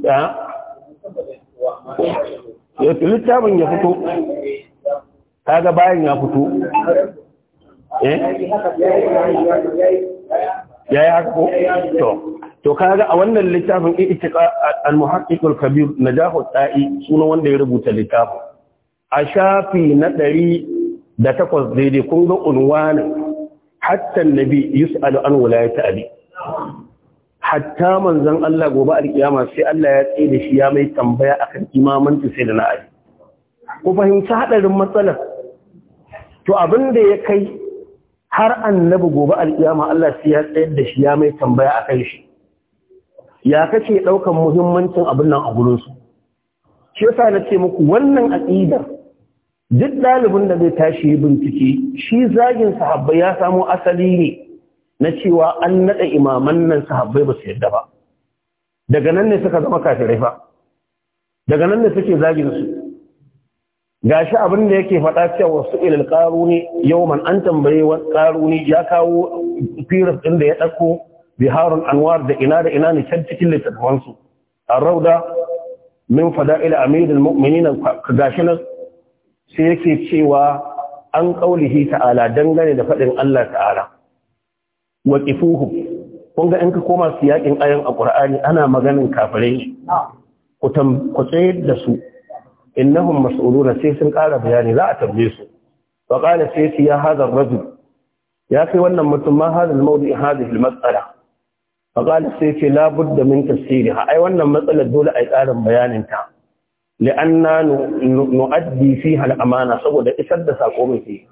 ya ya littafin ya fito kaga bayan ya fito eh ya yi haka to to kaga a wannan littafin itiqa al-muhaqqiqul kabir najahu ta'i sunan wanda ya rubuta littafin a shafi na ɗari da takwas daidai kun ga unwanin hatta nabi yus'alu an walayat abi hatta manzon Allah gobe alkiyama sai Allah ya tsaye da shi ya mai tambaya akan imamanci sai da na ku fahimci hadarin matsalar to abin da ya kai har annabi gobe alƙiyama Allah sai ya tsayar da shi ya mai tambaya a kai shi ya kace daukan muhimmancin abin nan a gurin su shi yasa na ce muku wannan aqida duk dalibin da zai tashi bincike shi zagin sahabbai ya samo asali ne na cewa an nada imaman nan sahabbai ba su yarda ba daga nan ne suka zama kafirai fa daga nan ne suke zagin su gashi abin da yake faɗa cewa wasu ilal yau yawman an tambaye wa qaruni ya kawo firas ɗin da ya dauko biharun anwar da ina da ina ne can cikin littattafansu su rauda min fada'il amirul mu'minin gashi nan sai yake cewa an qaulihi ta'ala dangane da faɗin Allah ta'ala waqifuhu kun ga in ka koma siyakin ayan a ƙur'ani, ana maganin kafirai ku tam ku tsayar da su innahum mas'uluna sai sun ƙara bayani za a tambaye su fa qala sai ya hadha ar-rajul ya kai wannan mutum ma hadha al-mawdi hadhihi al-mas'ala fa qala sai la budda min tafsiriha ai wannan matsalar dole ai ƙarin bayanin ta لأننا نؤدي فيها الأمانة سبب إسد ساقومي فيها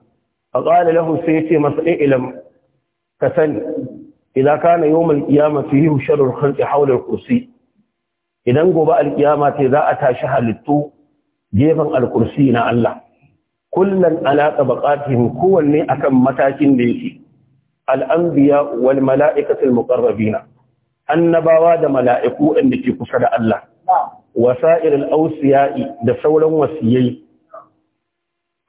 فقال له سيتي مسئي إلم كثني إذا كان يوم القيامة فيه شر الخلق حول الكرسي إذا قباء القيامة za a tashi halittu. gefen alkursi na Allah kullun alaƙa tabaqatihim kowanne akan matakin da yake al-anbiya wal mala'ikatul muƙarrabina annabawa da mala'iku inda ke kusa da Allah wasa'ir al da sauran wasiyai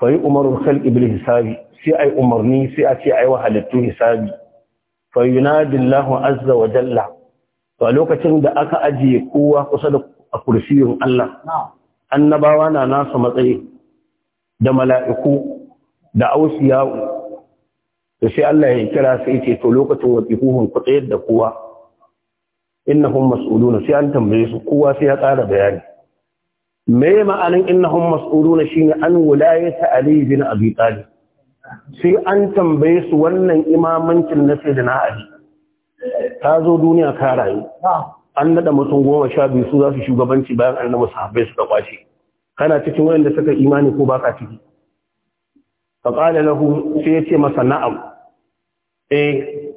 Fai yi umarul khalqi hisabi sai ai umarni sai a ce yi wa halittu hisabi fa yunadi Allah azza wa jalla Ba a lokacin da aka ajiye kowa kusa da kursiyun Allah annabawa na nasu matsayi da mala'iku da ausiya da sai Allah ya kira sai ce to lokacin waqifuhum ku tsayar da kowa innahum mas'uluna sai an tambaye su kowa sai ya kara bayani me ma'anin innahum mas'uluna shine an wulayata ali bin abi tsari. sai an tambaye su wannan imamancin na na ali ta zo duniya ka rayu an nada mutum goma sha biyu su za su shugabanci bayan an nada sahabbai suka kwace kana cikin wanda suka imani ko baka ciki fa qala lahu sai yace masa na'am eh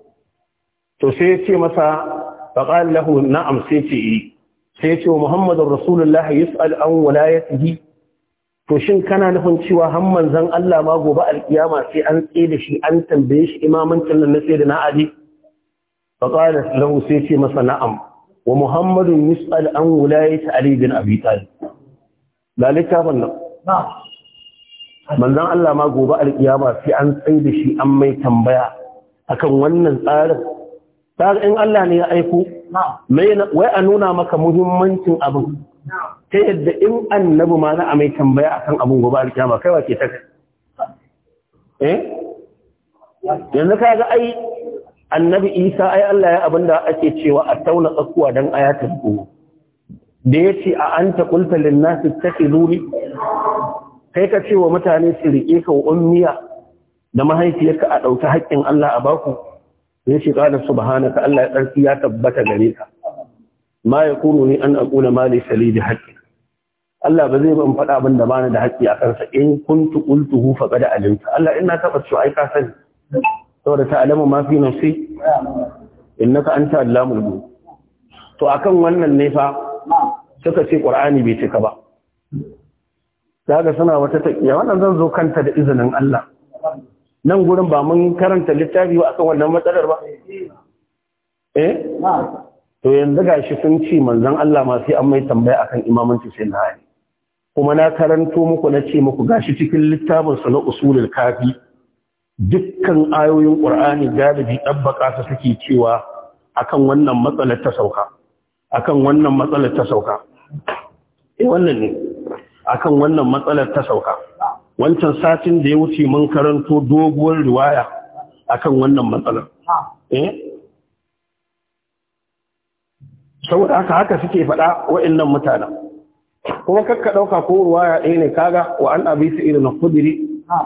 to sai yace masa fa qala lahu na'am sai yace eh sai yace wa muhammadur rasulullahi yas'al an walayatihi to shin kana nufin cewa har manzon Allah ma gobe alkiyama sai an tsaye da shi an tambaye shi imamancin nan na sai da na'adi fa qala lahu sai yace masa na'am wa muhammadun yus'al an wulayati ali bin abi talib lalita littafin nan manzon Allah ma gobe alkiyama sai an tsaye da shi an mai tambaya akan wannan tsarin tsarin in Allah ne ya aiko wai a nuna maka muhimmancin abin ta yadda in annabi ma na a mai tambaya akan abin gobe alkiyama kai wa ke ta eh yanzu ka ga ai annabi isa ai Allah ya abinda ake cewa a tauna tsakuwa dan aya ta da yace a anta qulta lin nas zuri? kai ka ce wa mutane su rike ka ummiya da mahaifiyarka a dauki haƙƙin Allah a baku yace qala subhanaka Allah ya tsarki ya tabbata gare ka ma kuru ni an aqula ma li salidi haqqi Allah ba zai ban in faɗa abin da bani da haƙƙi a kansa in kuntu qultuhu faqad alimta Allah ina tabbata ai ka sani saboda ta'lamu ma fi nafsi innaka anta allamul ghuyub to akan wannan ne fa suka ce qur'ani bai cika ba daga suna wata taqiya wannan zan zo kanta da izinin Allah nan gurin ba mun karanta littafi ba akan wannan matsalar ba eh to yanzu gashi sun ce manzon Allah ma sai an mai tambaya akan imamanci sai na kuma na karanto muku na ce muku gashi cikin littafin na usulul kafi dukkan ayoyin ƙur'ani galibi ɗabbaka su suke cewa akan wannan matsalar ta sauka akan wannan matsalar ta sauka eh wannan ne akan wannan matsalar ta sauka wancan satin da ya wuce mun karanto doguwar riwaya akan wannan matsalar eh saboda haka haka suke faɗa wa'annan mutanen kuma kakka ɗauka ko ruwaya ɗaya ne kaga wa an abi irin na kudiri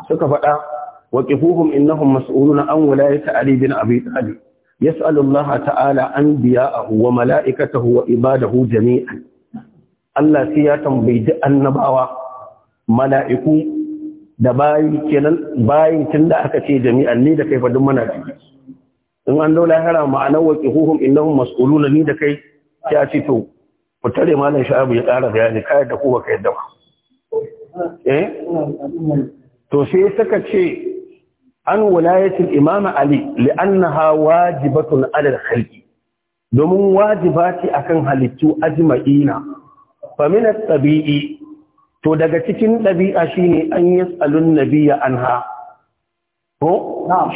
suka faɗa waqifuhum innahum mas'uluna an wilayati ali bin abi talib yas'alu Allah ta'ala an biya'ahu wa mala'ikatahu wa ibadahu jami'an Allah sai ya tambayi duk annabawa mala'iku da bayi kenan bayin tunda aka ce jami'an ne da kai fa duk muna ciki in an daula hara ma'anar wa qihuhum innahum mas'uluna ni da kai ya to ku tare malam sha'abu ya kara bayani kai da ku ba ba eh to sai saka ce an wulayatul imam ali li'annaha wajibatun 'ala al-khalqi domin wajiba ce akan halittu ajma'ina fa min at-tabi'i to daga cikin ɗabi'a shine an yas'alun nabiyya anha ko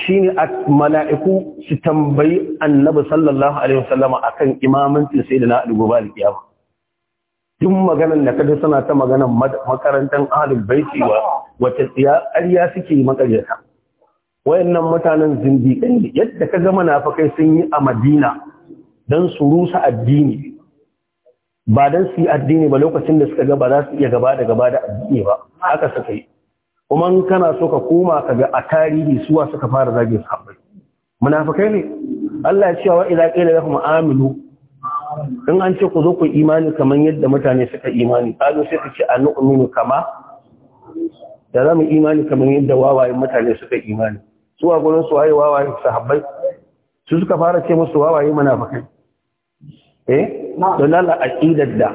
shine mala'iku su tambayi annabi sallallahu alaihi wasallama akan imamancin sayyidina Ali gobe al duk maganar da kada suna ta maganar makarantar ahlul baiti wa wata tsiya ariya suke makaryata wayannan mutanen zindiƙan ne yadda ka gama nafakai sun yi a madina don su rusa addini ba don su yi addini ba lokacin da suka gaba za su iya gaba da gaba da addini ba haka suka yi kuma in kana so ka koma ka ga a tarihi suwa suka fara zagin sahabbai munafikai ne Allah ya ce wa idza qila lahum aminu in an ce ku zo ku imani kamar yadda mutane suka imani kazo sai ku ce anu'minu kama da zamu imani kamar yadda wawayen mutane suka imani su gudun su waye wawaye sahabbai su suka fara ce musu wawaye munafikai eh don Allah aqidar da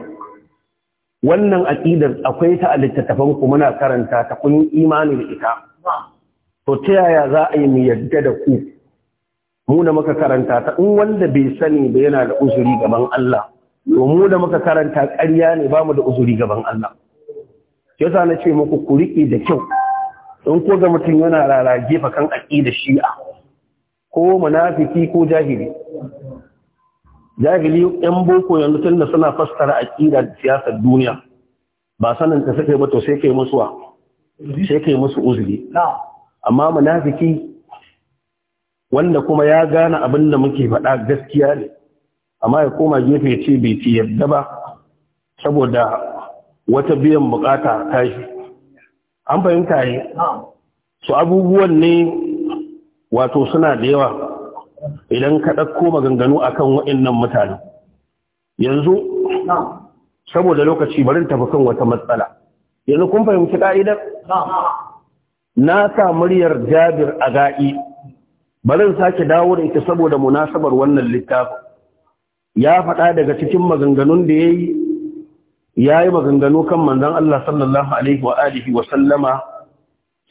wannan aqidar akwai ta a littattafan ku muna karanta ta kun imani da ita to ta yaya za a yi mu yadda da ku mu da muka karanta ta in wanda bai sani ba yana da uzuri gaban Allah to mu da muka karanta ƙarya ne bamu da uzuri gaban Allah yasa na ce muku ku riƙe da kyau don ko ga mutum yana rarage fakan aƙida shi'a ko munafiki ko jahili jahili yan boko yanzu tunda suna fassara aƙida da siyasar duniya ba sanin ta suka yi ba to sai kai musu sai kai musu uzuri amma munafiki wanda kuma ya gane abin da muke faɗa gaskiya ne amma ya koma gefe ce bai ci yadda ba saboda wata biyan bukata shi. an fahimta ne su abubuwan ne wato suna da yawa idan ka ɗauko maganganu akan waɗannan mutane yanzu saboda lokaci barin tafi kan wata matsala yanzu kun fahimci ƙa'idar na sa muryar jabir a ga'i barin sake dawo da ita saboda munasabar wannan littafin ya faɗa daga cikin maganganun da ya yi ya yi maganganu kan manzan Allah sallallahu Alaihi wa alihi wa sallama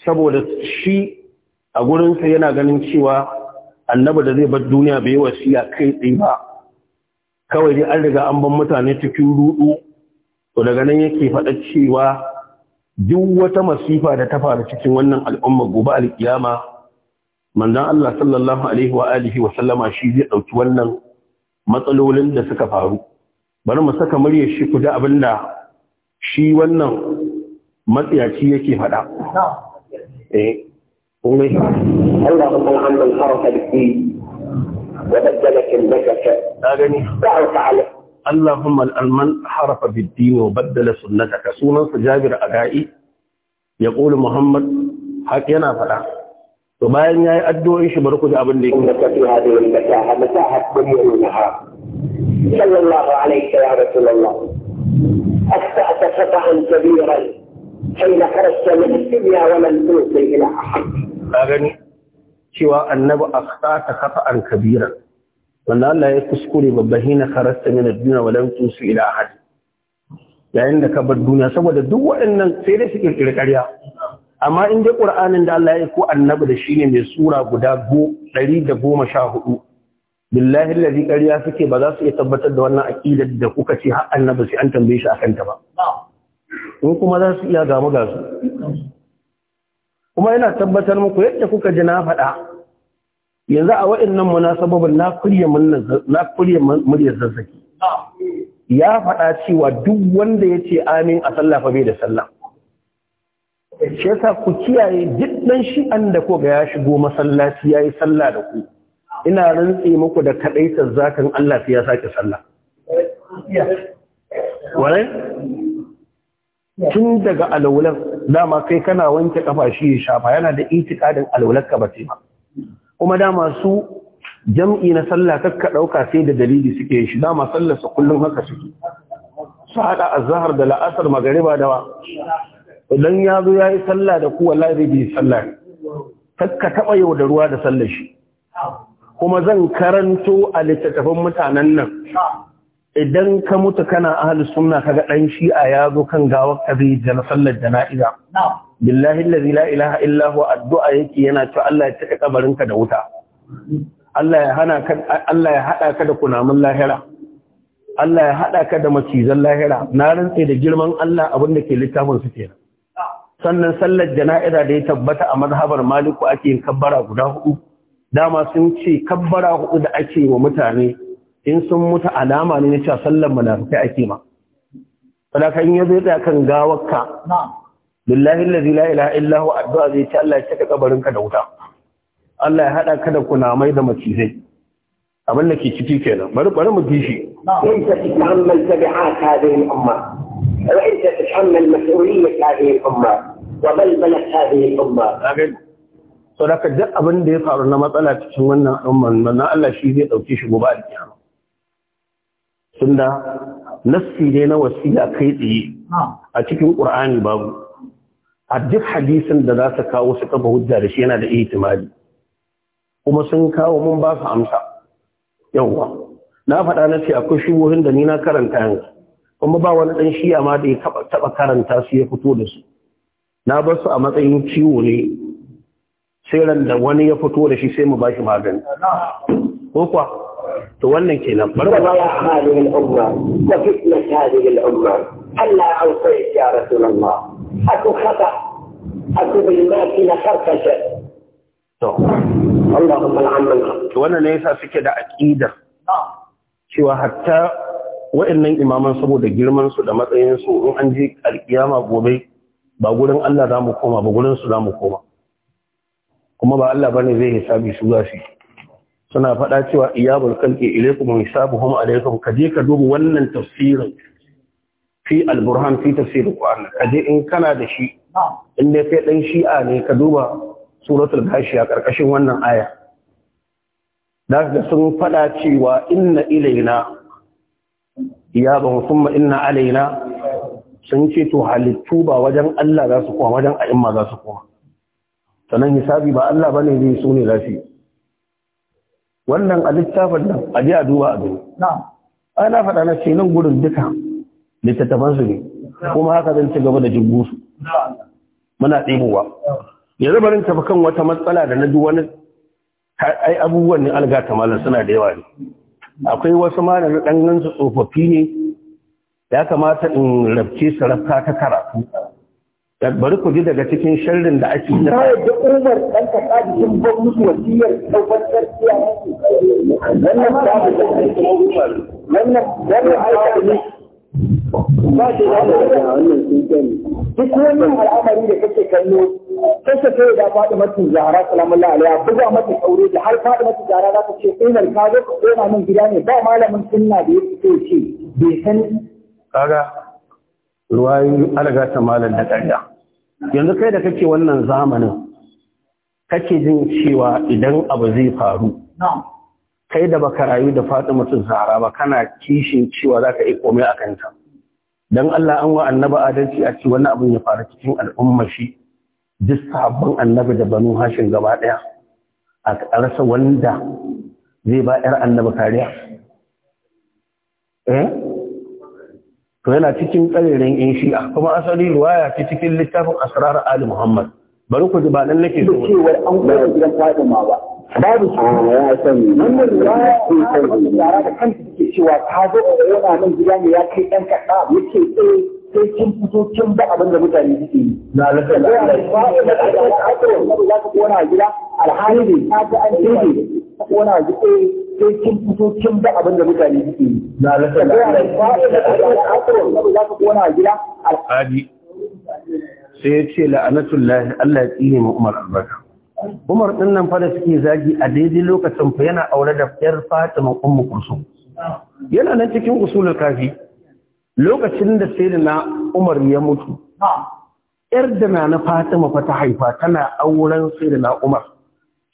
saboda shi a gurinsa yana ganin cewa annaba da zai bar duniya bai wasiya kai tsaye ba kawai dai an riga an ban mutane cikin rudu to daga nan yake faɗa cewa duk wata masifa da ta faru cikin wannan al'umma gobe alkiyama manzan Allah sallallahu alaihi wa alihi wa sallama shi zai ɗauki wannan matsalolin da suka faru bari mu saka murya shi ku da abin da shi wannan matsiyaci yake faɗa. Eh. Allahumma al’alman harafa biddini wa baddala sunnata ka sunansa jabir a ga’i ya ƙoli Muhammad haƙ yana faɗa. To bayan ya yi addu’o’in shi bari ku da abin da ya ke. Ina ka fi hadu wanda ta hannu ta haɗu صلى الله عليك يا رسول الله أخطأت خطأ كبيرا حين خرجت من الدنيا ولم توصل إلى أحد أغني cewa annabi akhtata khata'an kabira wanda Allah ya kuskure babba hina kharasta min ad-dunya wa lam tusu ila ahad yayin da ka bar duniya saboda duk waɗannan sai dai su kirkiri ƙarya amma in dai Qur'anin da Allah ya ko annabi da shine mai sura guda 114 billahi allazi ƙarya suke ba za su iya tabbatar da wannan aqidar da kuka ce har annabi sai an tambaye shi akan ta ba in kuma za su iya gamu ga su kuma yana tabbatar muku yadda kuka ji na faɗa yanzu a waɗannan munasababin na sababin na kurya muryar zazzaki ya faɗa cewa duk wanda ya ce amin a sallah fa bai da sallah shi ku kiyaye duk dan shi'an da ko ya shigo masallaci yayi sallah da ku ina rantsi muku da kadaitar zakan Allah sai ya sake sallah warai tun daga alawulan dama kai kana wanke kafa shi ya shafa yana da itikadin alawulan ba ce ba kuma dama su jam'i na sallah kakka ɗauka sai da dalili suke shi dama sallar su kullun haka suke su hada azhar da la'asar magariba da wa idan ya zo ya yi sallah da ku wallahi zai bi sallah kakka taba yau da ruwa da sallar shi kuma zan karanto a littattafan mutanen nan idan ka mutu kana ahli sunna kaga dan shi'a ya zo kan gawar kabi da na sallar jana'iza billahi allazi la ilaha illa huwa addu'a yake yana cewa Allah ya kabarin da wuta Allah ya hana ka da kunamin lahira Allah ya hada ka da macizan lahira na rantse da girman Allah abin da ke littafin su kenan sannan sallar jana'iza da ya tabbata a mazhabar maliku ake yin kabbara guda hudu dama sun ce kabbara hudu da ake wa mutane in sun mutu alama ne na cewa sallar munafikai ake ma sadaka in yazo ya kan gawarka billahi allazi la ilaha illa huwa addu'a zai ce Allah ya cika kabarin ka da wuta Allah ya hada ka da kunamai da macizai abin da ke ciki kenan bari bari mu bishi in ta ta'ammal tabi'at hadhihi al-umma wa in ta ta'ammal mas'uliyyat hadhihi al-umma wa balbalat hadhihi al-umma sau da ka duk abin da ya faru na matsala cikin wannan al'ummar na Allah shi zai ɗauke shi gaba a kiyama tunda nassi dai na wasiya kai tsaye a cikin ƙur'ani babu a duk hadisin da za su kawo su kafa hujja da shi yana da ihtimali kuma sun kawo mun ba su amsa Yauwa, na faɗa na ce akwai shubohin da ni na karanta yanzu kuma ba wani ɗan shiya ma da ya taɓa karanta su ya fito da su na bar su a matsayin ciwo ne sai ran da wani ya fito da shi sai mu bashi magani ko kuwa to wannan kenan bar barka da hadhihi al-umma wa fitnat hadhihi al-umma alla awsayt ya rasulullah aku khata aku na makina karkasha to Allahumma al'amma to wannan ne yasa suke da aqida cewa hatta wa'annan imaman saboda girman su da matsayin su in an je alkiyama gobe ba gurin Allah za mu koma ba gurin su za mu koma kuma ba Allah bane zai hisabi su gashi suna faɗa cewa iyabul khalqi ilaykum hisabuhum alaykum kaje ka duba wannan tafsirin fi al-burhan fi tafsir al-qur'an kaje in kana da shi in dai kai dan shi'a ne ka duba suratul gashiya karkashin wannan aya da sun faɗa cewa inna ilaina iyabahum thumma inna alaina sun ce to halittu ba wajen Allah za su koma wajen a'imma za su koma sannan hisabi ba Allah bane zai so ne zafi wannan a littafin nan a ji a duba a gani ai na faɗa na ce nan gurin duka littattafan su ne kuma haka zan ci gaba da jingo su muna tsibowa yanzu barin tafi kan wata matsala da na duk wani ai abubuwan ne alga ta malam suna da yawa ne akwai wasu malam ɗan nan su tsofaffi ne ya kamata in rabce su ta karatu bari ku ji daga cikin sharrin da ake yi na da umar dan ka kaji sun ban musu wasiyar daukar tsarkiya wannan da ba da umar wannan wannan aika ne ba shi da wannan sun sani duk wannan al'amari da kake kallo kashe kai da faɗi mata zara salamullahi alaiha buga mata aure da har faɗi mata zara za ta ce umar ka zo ka koma nan gida ne ba malamin sunna da yake ce bai san kaga ruwayoyi alaga ta malar da ƙarya yanzu kai da kake wannan zamanin kake jin cewa idan abu zai faru kai da baka rayu da faɗi mutum zara ba kana kishin cewa zaka yi komai a kanta dan Allah an wa annaba adalci a ce wani abin ya faru cikin al'umma shi duk sabon annabi da banu hashin gaba daya a rasa wanda zai ba yar annabi kariya eh to yana cikin ƙaririn in shi'a kuma asali ruwaya ce cikin littafin asrar ali muhammad bari ku ji ba nan nake so cewa an koyar gidan fatima ba babu tsoro ah, ya sani wannan ruwaya ce ta yara da kanta take cewa ta zo yana nan gida ne ya kai ɗan kaɗa yace eh sai kin fito kin ba abin da mutane suke yi na lafiya da aka yi wannan za ka kona gida alhali ne ta ga an daidai kona gida sai kin fito kin ba abin da mutane suke yi. Na rasa da Alƙali sai ya ce la'anatullahi Allah ya tsine mu Umar albarka. Umar ɗin nan fa da suke zagi a daidai lokacin fa yana aure da ƴar Fatima Ummu Kulsum. Yana nan cikin usulul kafi. Lokacin da na Umar ya mutu. Yar da na Fatima fa ta haifa tana auren na Umar.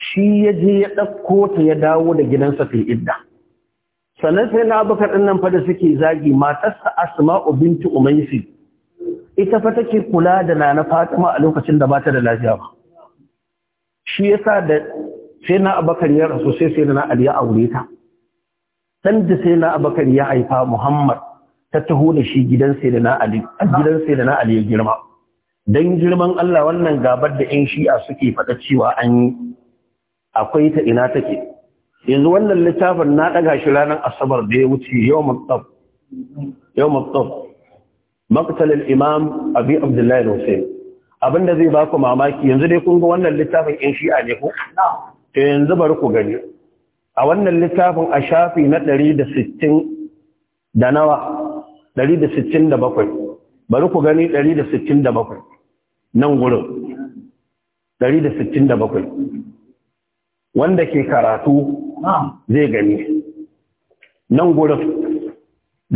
shi ya je ya ɗauko ta ya dawo da gidansa ta idda sannan sai na abubakar ɗin nan da suke zagi matarsa asma'u binti umaisi ita fa take kula da nana fatima a lokacin da bata da lafiya ba shi yasa da sai na abubakar ya rasu sai sai na ali ya aure ta dan da sai na abubakar ya haifa muhammad ta taho da shi gidan sai na ali gidan sai na ali ya girma dan girman Allah wannan gabar da ƴan shi'a suke faɗa cewa an yi akwai ta ina take yanzu wannan littafin na daga shi ranar asabar da ya wuce yau matsab yau matsab maktalin imam abi abdullahi hussein abinda zai baku mamaki yanzu dai kun ga wannan littafin in a ne ku to yanzu bari ku gani a wannan littafin a shafi na 160 da nawa 167 bari ku gani 167 nan gurin 167 wanda ke karatu zai gani nan gurin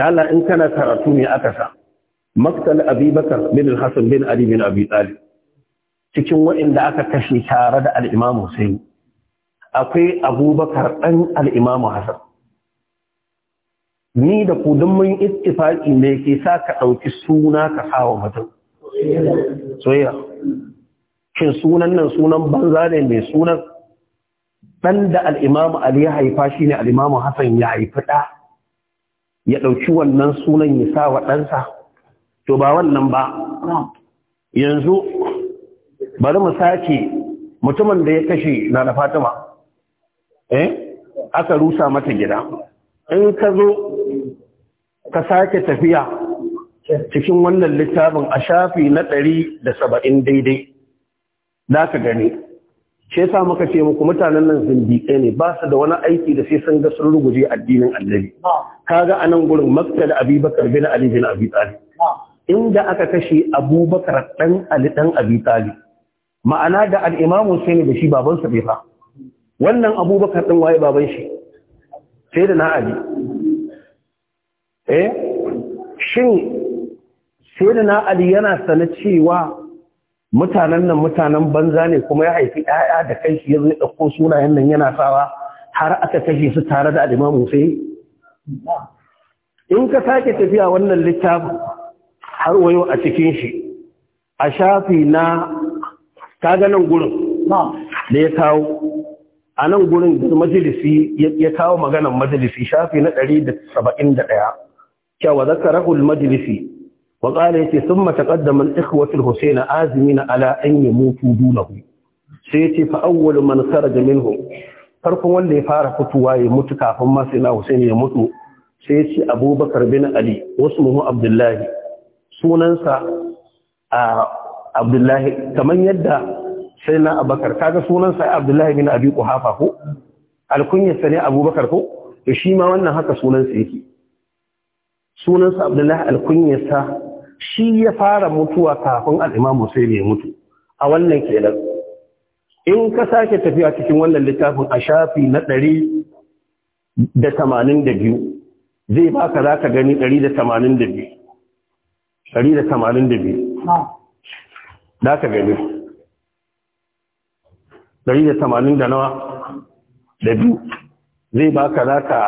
dala in kana karatu ne aka sa maktal abubakar bin hassan bin ali bin abi talib cikin waɗanda aka kashe tare da al'imamu sai akwai abubakar ɗan al'imamu hassan ni da ku don mun ittifaki ne ke sa ka ɗauki suna ka sawa mutum soyayya shin sunan nan sunan banza ne mai sunan ɗan da al'imamu Ali ya haifa shi ne al'imamu Hassan ya haifi ɗa, ya ɗauki wannan sunan ya sa wa ɗansa, to ba wannan ba. Yanzu, bari mu sake mutumin da ya kashe na da Fatima, eh? aka rusa mata gida. In ka zo, ka sake tafiya cikin wannan littafin a shafi na ɗari da saba'in daidai, za ka gani. ce sa muka ce muku mutanen nan zindiƙe ne ba su da wani aiki da sai sun ga sun ruguje addinin annabi kaga a nan gurin maktal da abubakar bin ali bin abi talib inda aka kashe abubakar dan ali dan abi talib ma'ana da al-imamu sai da shi baban sa bai fa wannan abubakar din waye baban shi sai da na ali eh shin sai da na ali yana sanacewa cewa mutanen nan mutanen banza ne kuma ya haifi ƴaƴa da kai shi ya ɗauko sunayen nan yana sawa har aka kashe su tare da alimamu sai in ka sake tafiya wannan littafin har wayo a cikin shi a shafi na ga nan gurin da ya kawo a nan gurin majalisi ya kawo maganan majalisi shafi na 171 kyawa zakarahul majalisi وقال يتي ثم تقدم الإخوة الحسين آزمين على أن يموتوا دونه سيتي فأول من خرج منه farkon wanda ya fara fitowa ya mutu kafin ma sai na Hussein ya mutu sai ce Abubakar bin Ali wasu muhu Abdullahi sunansa a Abdullahi kamar yadda sai na Abubakar sunansa Abdullahi bin Abi Quhafa ko alkunyarsa ne Abubakar ko to shi ma wannan haka sunansa sunansa Abdullahi shi ya fara mutuwa kafin al’imamu sai ya mutu a wannan kenan in ka sake tafiya cikin wannan littafin a shafi na ɗari da tamanin da biyu zai baka za ka gani ɗari da tamanin da biyu ɗari da tamanin da biyu za ka gani ɗari da tamanin da nawa da biyu zai baka za ka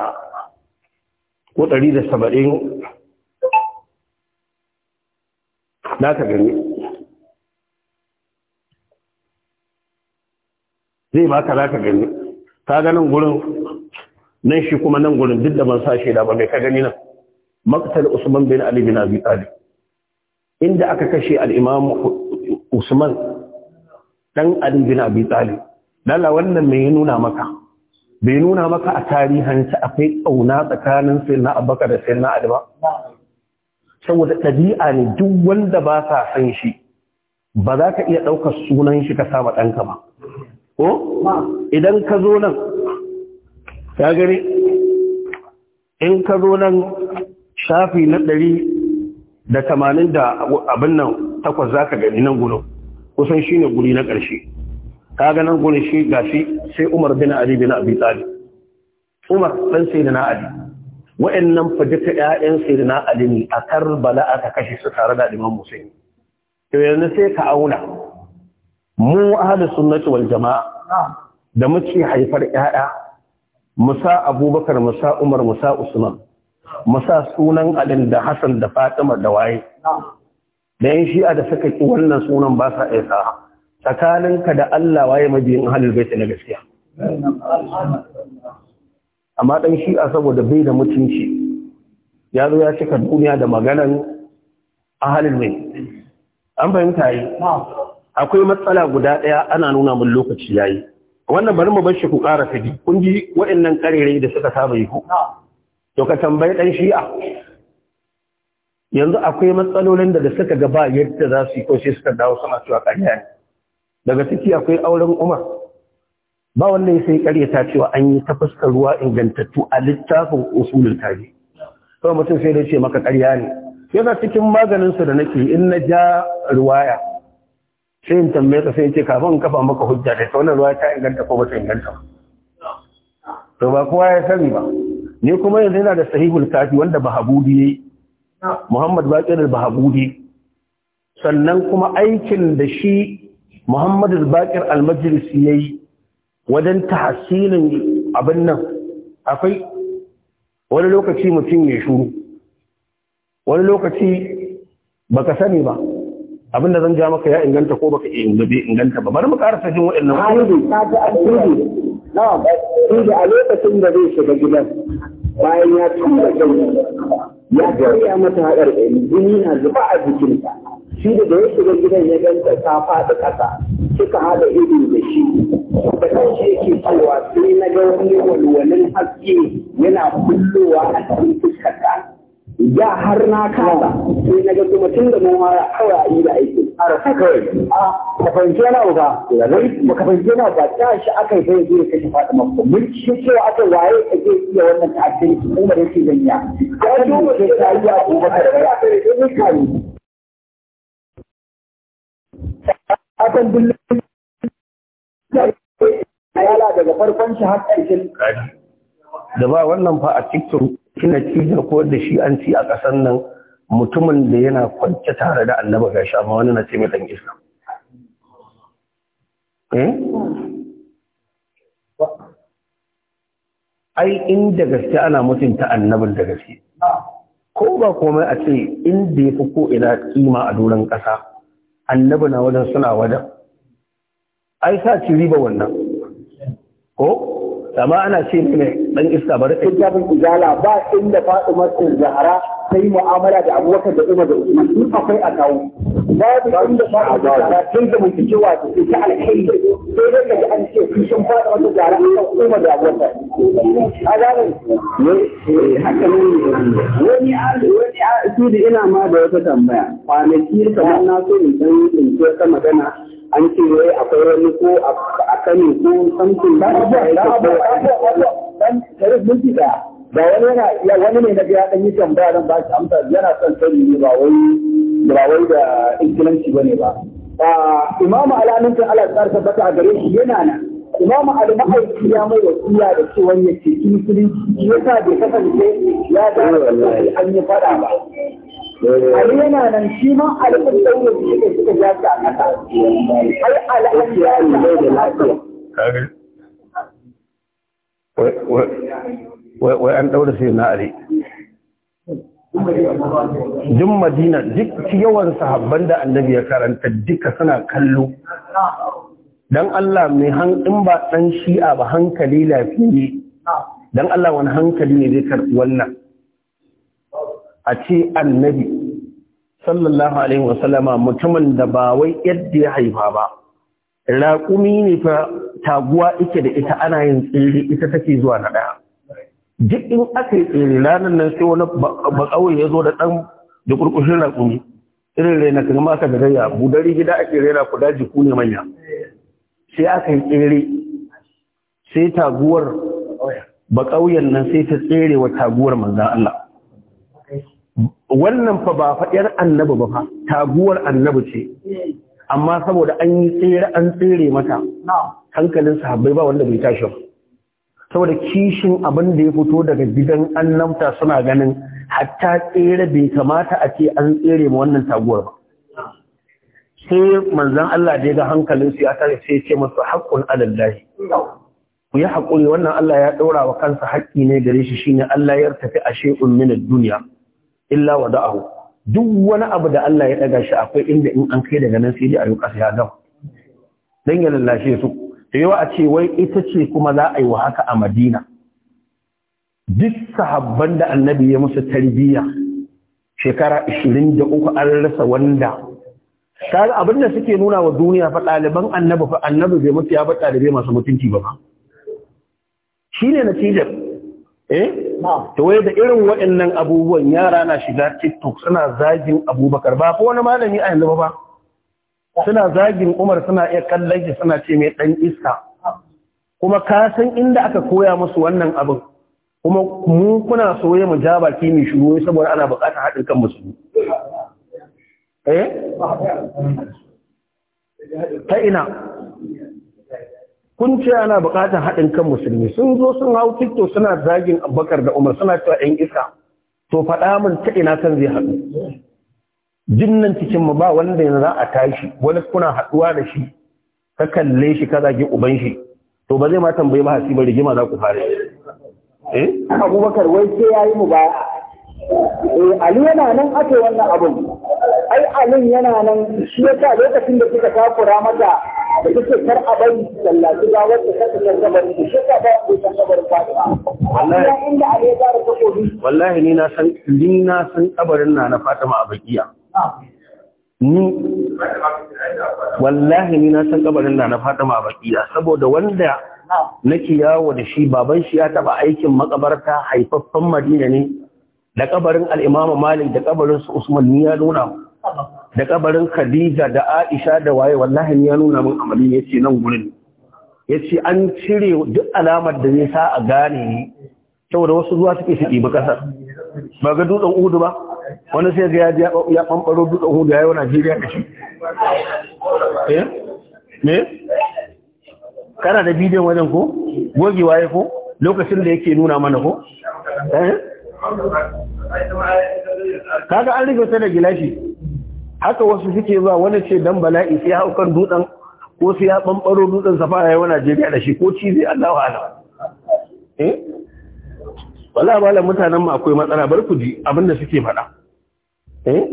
ko ɗari da saba'in na ka gani zai baka za ka gani ka ganin gurin nan shi kuma nan gurin duk da ban sa shaida ba mai ka gani nan maktal usman bin ali bin abi talib inda aka kashe al-imam usman dan ali bin abi talib lalla wannan me ya nuna maka bai nuna maka a sa akwai kauna tsakanin sayyidina abubakar da sayyidina ali ba saboda ɗabi'a ne duk wanda ba sa san shi ba za ka iya ɗaukar sunan shi ka saba ɗanka ba ko idan ka zo nan ya gani in ka zo nan shafi na ɗari da tamanin da abin nan takwas za ka gani nan gudun kusan shi ne guri na ƙarshe ka ga nan gudun shi gashi sai umar bin ali bin abi talib umar ɗan sai da na ali wa'annan fa 'yayan ƴaƴan sayyidina Ali ne a Karbala aka kashe su tare da liman Hussein to yanzu sai ka auna mu ahli sunnati wal jamaa da muke haifar yaya musa Abubakar musa Umar musa Usman musa sunan alin da Hassan da Fatima da waye da yan shi'a da suka ki wannan sunan ba sa tsakaninka da Allah waye mabiyin bai ta na gaskiya amma dan shi'a saboda bai da mutunci ya zo ya cika duniya da maganan ahalin mai an fahimta yi akwai matsala guda ɗaya ana nuna min lokaci yayi wannan bari mu bar shi ku ƙara fidi kun ji waɗannan ƙarerai da suka saba yi ku to ka tambayi ɗan shi'a yanzu akwai matsalolin da suka gaba yadda za su yi ko sai suka dawo sama cewa ƙarya daga ciki akwai auren umar ba wanda ya sai karyata cewa an yi ta fuskar ruwa ingantattu a littafin usulul tari kawai mutum sai da ce maka karya ne Yana cikin maganinsu da nake in na ja ruwaya sai in tambaye ka sai in ce kafin kafa maka hujja da wannan ruwa ta inganta ko ba inganta to ba kowa ya sani ba ni kuma yanzu yana da sahihul kafi wanda bahabudi Muhammad Baqir bahabudi sannan kuma aikin da shi Muhammad al-Baqir al-Majlisi yayi wajen tahsilin abin nan akwai wani lokaci mutum ya shuru wani lokaci baka sani ba abin da zan ja maka ya inganta ko baka inganta ba bari mu ƙara jin waɗannan kudu na'am inda a lokacin da zai shiga gidan bayan ya tura kai ya karya mata haɗar ɗari jini na zuba a jikinta shi da ya shiga gidan ya ganta ta faɗi ƙasa suka haɗa ido da shi da kanshi yake cewa sai na ga wani walwalin haske yana kullowa a cikin fuskarta ya har na kama sai na ga kuma tun da noma ya kawai a yi da aikin a rasa kawai a ka fahimci yana ba da ba ka fahimci yana ba ta shi aka yi zai zai kashe faɗi mako mun shi cewa aka waye ka zai iya wannan ta'addin umar yake zanya ya duba da ta yi a gobe ka da ya akan daga farkon shi har ƙarshen da ba wannan fa a cikin kina cidar ko da shi an ci a ƙasar nan mutumin da yana kwance tare da annaba ga shi amma wani na ce mai dan isa eh ai inda gaske ana mutunta annabin da gaske ko ba komai a ce inda ya fi ko ina kima a doron ƙasa annabi na wajen suna wajen ai sa ci riba wannan ko amma ana ce ne dan iska bari kai ba inda fadimatul zahra ta yi mu'amala da abubakar da umar da usman in akwai a kawo babu inda ba a gara tun da mutum cewa da ta alkhairi sai dai kaji an ce su sun fada wata gara a umar da abubakar a zanen haka ne wani wani su da ina ma da wata tambaya kwanaki kamar na so in san in ce ta magana an ce wai akwai wani ko a kane ko samtin ba da ya ke ko ba wani yana ya wani ne na ga dan yi tambaya dan ba shi amsa yana son sani ne ba wai ba wai da inkilanci bane ba imamu alamin kan Allah tsar tabbata a gare shi yana nan imamu al-ma'aiki ya mai wasiya da cewa ya ce musulunci shi yasa bai kasance ya da an yi fada ba Ali yana nan shi ma alƙin ɗaure shi ne suka ja shi a ƙasa. Ai al'adu ya yi da lafiya. wai an ɗaura sai na are. duk madina duk yawan sahabban da annabi ya karanta duka suna kallo dan Allah mai ba ɗan shi'a ba hankali lafiye dan Allah wani hankali ne zai karɓi wannan a ce annabi sallallahu alaihi wasallama mutumin da ba wai yadda ya haifa ba raƙumi ne fa taguwa ike da ita ana yin tsere ita take zuwa na ɗaya duk in aka yi tsere ranar nan sai wani bakawai ya zo da ɗan da kurkushin raƙumi irin raina kan maka da raya budari gida ake raina ku daji ku ne manya sai aka yi tsere sai taguwar bakauyen nan sai ta tsere wa taguwar manzan Allah wannan fa ba faɗiyar annabi ba fa taguwar annabi ce amma saboda an yi tsere an tsere mata hankalin sahabbai ba wanda bai tashi ba saboda kishin abin da ya fito daga gidan annabta suna ganin hatta tsere bai kamata a ce an tsere ma wannan taguwar ba sai manzan Allah da ya ga hankalin su ya tare sai ce masu haƙƙun alallahi ku yi haƙuri wannan Allah ya ɗaura wa kansa haƙƙi ne gare shi shine Allah ya tafi a shekun min duniya illa wa da'ahu duk wani abu da Allah ya ɗaga shi akwai inda in an kai daga nan sai dai a ƙasa ya dan ya lallashe su da yawa a ce wai ita ce kuma za a yi wa haka a madina duk sahabban da annabi ya musu tarbiyya shekara 23 an rasa wanda kaga abin da suke nuna wa duniya fa ɗaliban annabi fa annabi bai mutu ya ba ɗalibai masu mutunci ba shine cijar? eh to wai da irin waɗannan abubuwan yara na shiga TikTok suna zagin Abubakar ba ko wani malami a yanzu ba suna zagin umar suna iya kallon shi suna ce mai ɗan iska kuma ka san inda aka koya musu wannan abin kuma mu kuna soye mu ja baki mai shiru saboda ana bukatar haɗin kan musulmi eh? ta ina kun ce ana buƙatar haɗin kan musulmi sun zo sun hau tiktok suna zagin abubakar da umar suna cewa 'yan iska to faɗa min ta ina kan zai haɗu jinnan cikin mu ba wanda yanzu za a tashi wani kuna haɗuwa da shi ka kalle shi ka zage uban shi to ba zai ma tambayi ba hasiba rigima za ku fara eh abubakar wai sai yayi mu ba eh ali yana nan ake wannan abun ai alin yana nan shi ya sa lokacin da kika takura mata da kike kar a bari sallaci ga wanda ka tsaka gabar ki shi ka ba ku san gabar fadima wallahi inda ya wallahi ni na san ni na san kabarin na na Fatima a bakiya ni wallahi ni na san kabarin na na Fatima Bakiya saboda wanda nake yawo da shi baban shi ya taba aikin makabarta haifaffan Madina ne da kabarin al Malik da kabarin su Usman ni ya nuna da kabarin Khadija da Aisha da waye wallahi ni ya nuna min amali yace nan gurin yace an cire duk alamar da zai sa a gane ni saboda wasu zuwa suke su ɗibi kasar ba ga dutsen Udu ba wani sai ga ya ya ɓanɓaro dutsen hudu ya yi wa najeriya da shi ne eh? kana da bidiyon wajen ko goge waye ko lokacin da yake nuna mana ko eh? kaga an rike da gilashi haka wasu suke zuwa wani ce dan bala'i sai hau kan dutsen ko sai ya ɓanɓaro dutsen safara wa najeriya da shi ko cizai allahu ala eh? wala wala mutanen ma akwai matsala bar ku ji abin da suke faɗa eh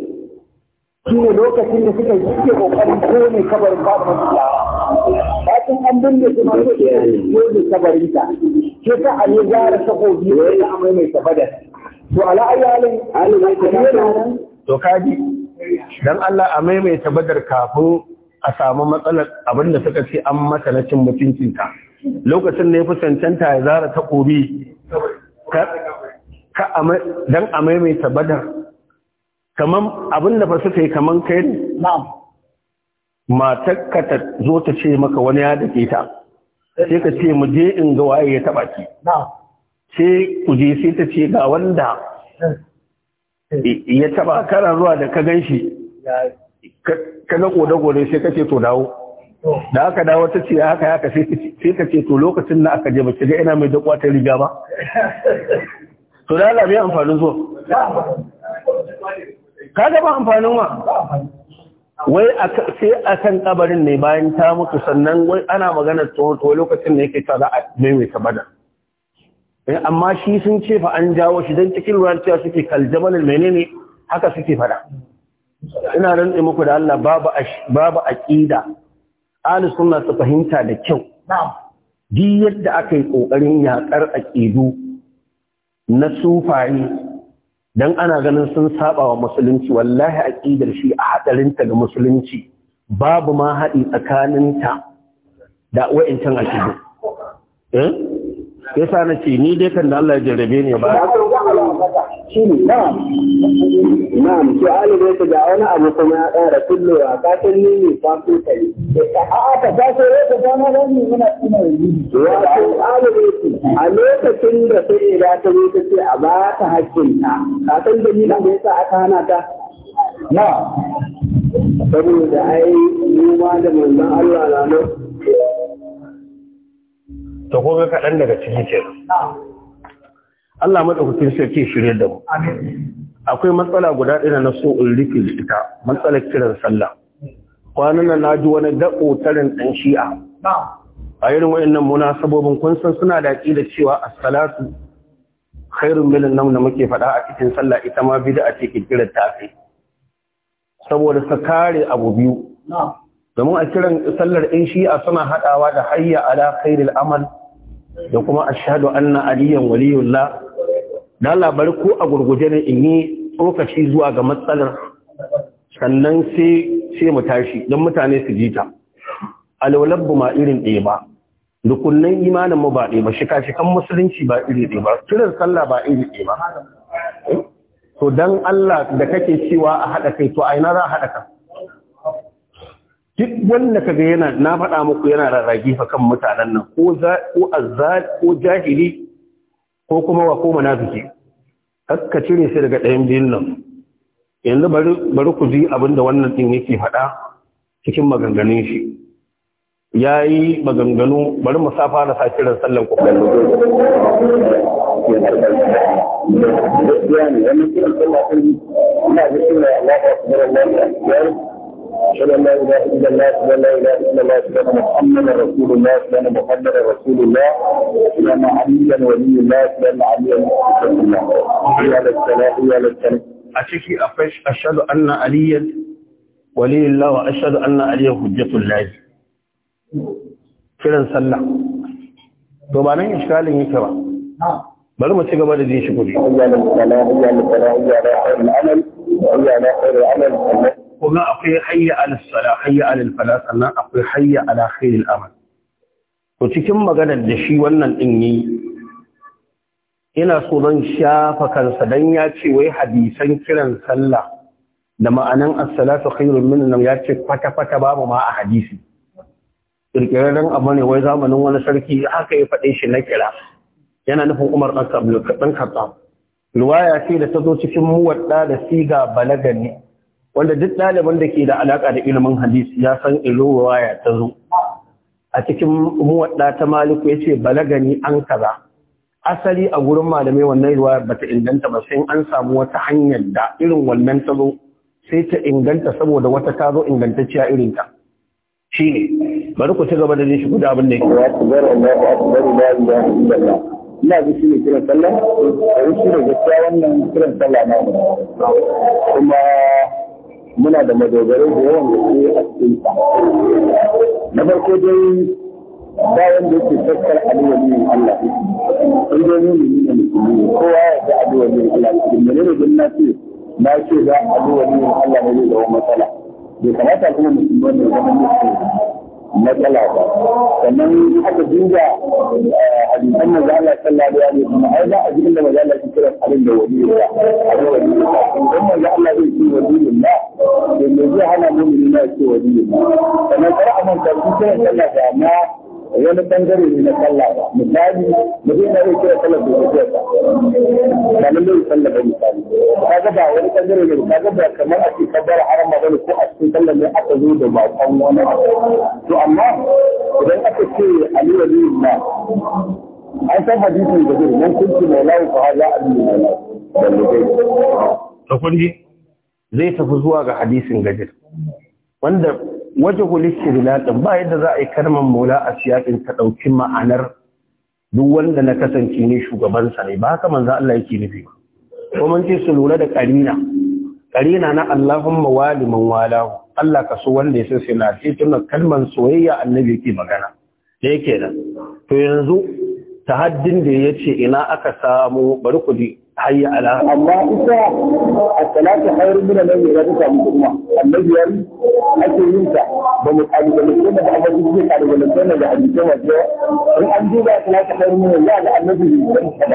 shi ne lokacin da suka yi ke kokarin kone kabarin babu ba ta an binne da masu kone kabarin ta ke ta a ne zara sabobi ne da amai mai sabada to ala ayyalin alimai ta nan to kaji dan Allah a maimaita badar kafin a samu matsalar abin da suka ce an mata na cin ta lokacin da ya fi cancanta ya zara takobi dan a maimaita badar kaman abin da ba suka yi kaman kai ne na'am matar ka ta zo ta ce maka wani ya dake ta sai ka ce mu je in ga waye ya taba ki sai ku je sai ta ce ga wanda eh. ya taba kana zuwa da ka ganshi ka ga gode-gode sai ka ce to dawo da aka dawo ta ce haka haka sai ka ce to lokacin na aka je ba ga ina mai dakwa ta riga ba <laughs> to da ala mai amfanin zuwa kaga ba amfanin wa wai sai a kan kabarin ne bayan ta mutu sannan wai ana magana tsoho lokacin da yake ta a maimaita bada eh, amma shi sun ce fa an jawo shi don cikin ruwan cewa suke kaljabalin menene haka suke fada ina rantsi muku da Allah babu aƙida aqida suna su fahimta da kyau duk yadda aka yi ƙoƙarin yaƙar aƙidu na sufaye dan ana ganin sun saba wa musulunci wallahi aqidar shi a hadarinta ga musulunci babu ma haɗi tsakaninta da wa'incan aqidu eh yasa na ce ni dai kan da Allah ya jarrabe ne ba na'am ki alibe ta ga wani abu kuma ya ƙara kullowa ka san ni ne fa ko kai a a ta ba sai ta ga na ni muna tuna yi wato alibe a lokacin da sai da ta zo ta ce a ba ta hakkin ta ka san dalilin da yasa aka hana ta na'am saboda ai mu ma da manzon Allah na ta kuma kaɗan daga ciki ce Allah maɗaukakin sarki shirya da mu akwai matsala guda ɗina na so in rufe ita matsalar kiran sallah kwanan nan na ji wani daɓo tarin ɗan shi'a a irin wayannan munasabobin kun san suna da da cewa a salatu khairun milin nan da muke faɗa a cikin sallah ita ma a ce kiran ta saboda su kare abu biyu domin a kiran sallar in shi'a suna haɗawa da hayya ala amal da kuma ashhadu anna aliyan waliyullah da labar ko a gurguje ne in yi tsokaci zuwa ga matsalar sannan sai mu tashi don mutane su jita ma irin ɗaya ba Dukunan imanin mu ba ɗaya ba shika-shikan musulunci ba iri ɗaya ba kiran sallah ba iri ɗaya ba to dan Allah da kake cewa a haɗa kai to a ina za a haɗa kai duk wanda kaga yana na faɗa muku yana rarrage fa kan mutanen nan ko za ko azzal ko jahili ko kuma wa ko munafiki hakka cire shi daga ɗayan biyun nan yanzu bari bari ku ji abin da wannan din yake faɗa cikin maganganun shi yayi maganganu bari mu safa na sakiran sallan ku kai ne wannan kiran ina ga Allah ya Allah ya اشهد ان لا اله الا الله اشهد ان لا اله الا الله اشهد ان محمدا رسول الله اشهد ان محمدا رسول الله اشهد ان عليا ولي الله اشهد ان عليا رسول الله حي على السلام حي السلام اشكي افش اشهد ان عليا ولي الله واشهد ان عليا حجه الله kiran sallah to ba nan iskalin yake ba bari mu ci gaba da jin shi kuri Allah ya Allah kuma akwai hayya alisala, hayya fala sannan akwai hayya ala khairil amal to cikin maganar da shi wannan din yi ina so zan shafa kansa dan ya ce wai hadisan kiran sallah da ma'anan as-salatu khairun min nan ya ce kwata kwata babu ma a hadisi kirkirarren abu ne wai zamanin wani sarki haka ya faɗe shi na kira yana nufin Umar ɗan Khattab ruwaya ce da ta zo cikin muwadda da siga balagani wanda duk ɗaliban da ke da alaƙa da ilimin hadis ya san wa ya ta zo a cikin muwaɗa ta maliku ya ce balagani an kaza asali a gurin malamai wannan ruwa ba ta inganta ba sai an samu wata hanyar da irin wannan ta zo sai ta inganta saboda wata ta zo ingantacciya irin ta shi ne bari ku ci gaba da zai shi guda abin da yake ina ji shi ne kiran sallah da shi ne gaskiya wannan kiran sallah na kuma muna da madogarai da yawan ke a cikin sa na farko dai bayan da yake sakkar alwalin Allah in dai mu ne musulmi kowa ya ga alwalin Allah cikin menene din na ce na ce ga alwalin Allah ne da wani matsala bai kamata kuma musulmi ne zama musulmi matsala ba sannan aka duba hadisan manzo Allah sallallahu alaihi wasallam ai ba a jikin da manzo Allah ke kira abin da wani ya abin wani ya dan manzo Allah zai ce wani ne da me zai hana mu ne na ce wani ne sannan kar a manta su kira Allah da ma wani bangare ne na sallah ba misali mutum na zai kira sallar da ya ba ba nan zai sallar ba misali ka ga ba wani bangare ne ka ga ba kamar a cikin kabbara haram ba ne ko a cikin sallar ne aka zo da baƙon wani to amma idan aka ce aliyu ne na an san hadisin da zai nan kunci maulawu fa haza a na da mutai to kun ji zai tafi zuwa ga hadisin gajir wanda waje hulistirilal ba yadda za a yi mola maula a siyaƙin ta ɗauki ma'anar duk wanda na kasance ne shugabansa ne ba haka manzo Allah yake nufi ba kuma ce su lura da ƙarina ƙarina na Allahumma waliman walahu Allah ka so wanda ya sai na ce tun kalmar soyayya annabi yake magana da yake nan to yanzu tahaddin da ya ce ina aka samu bari ku حي على الله الثلاثه خير من الذي لا تسمع منهم الذي ينسى ينسى بمقابل المسلم بعد ذلك قال ولا كان بعد ذلك ان عندي بقى ثلاثه خير من الله الذي ينسى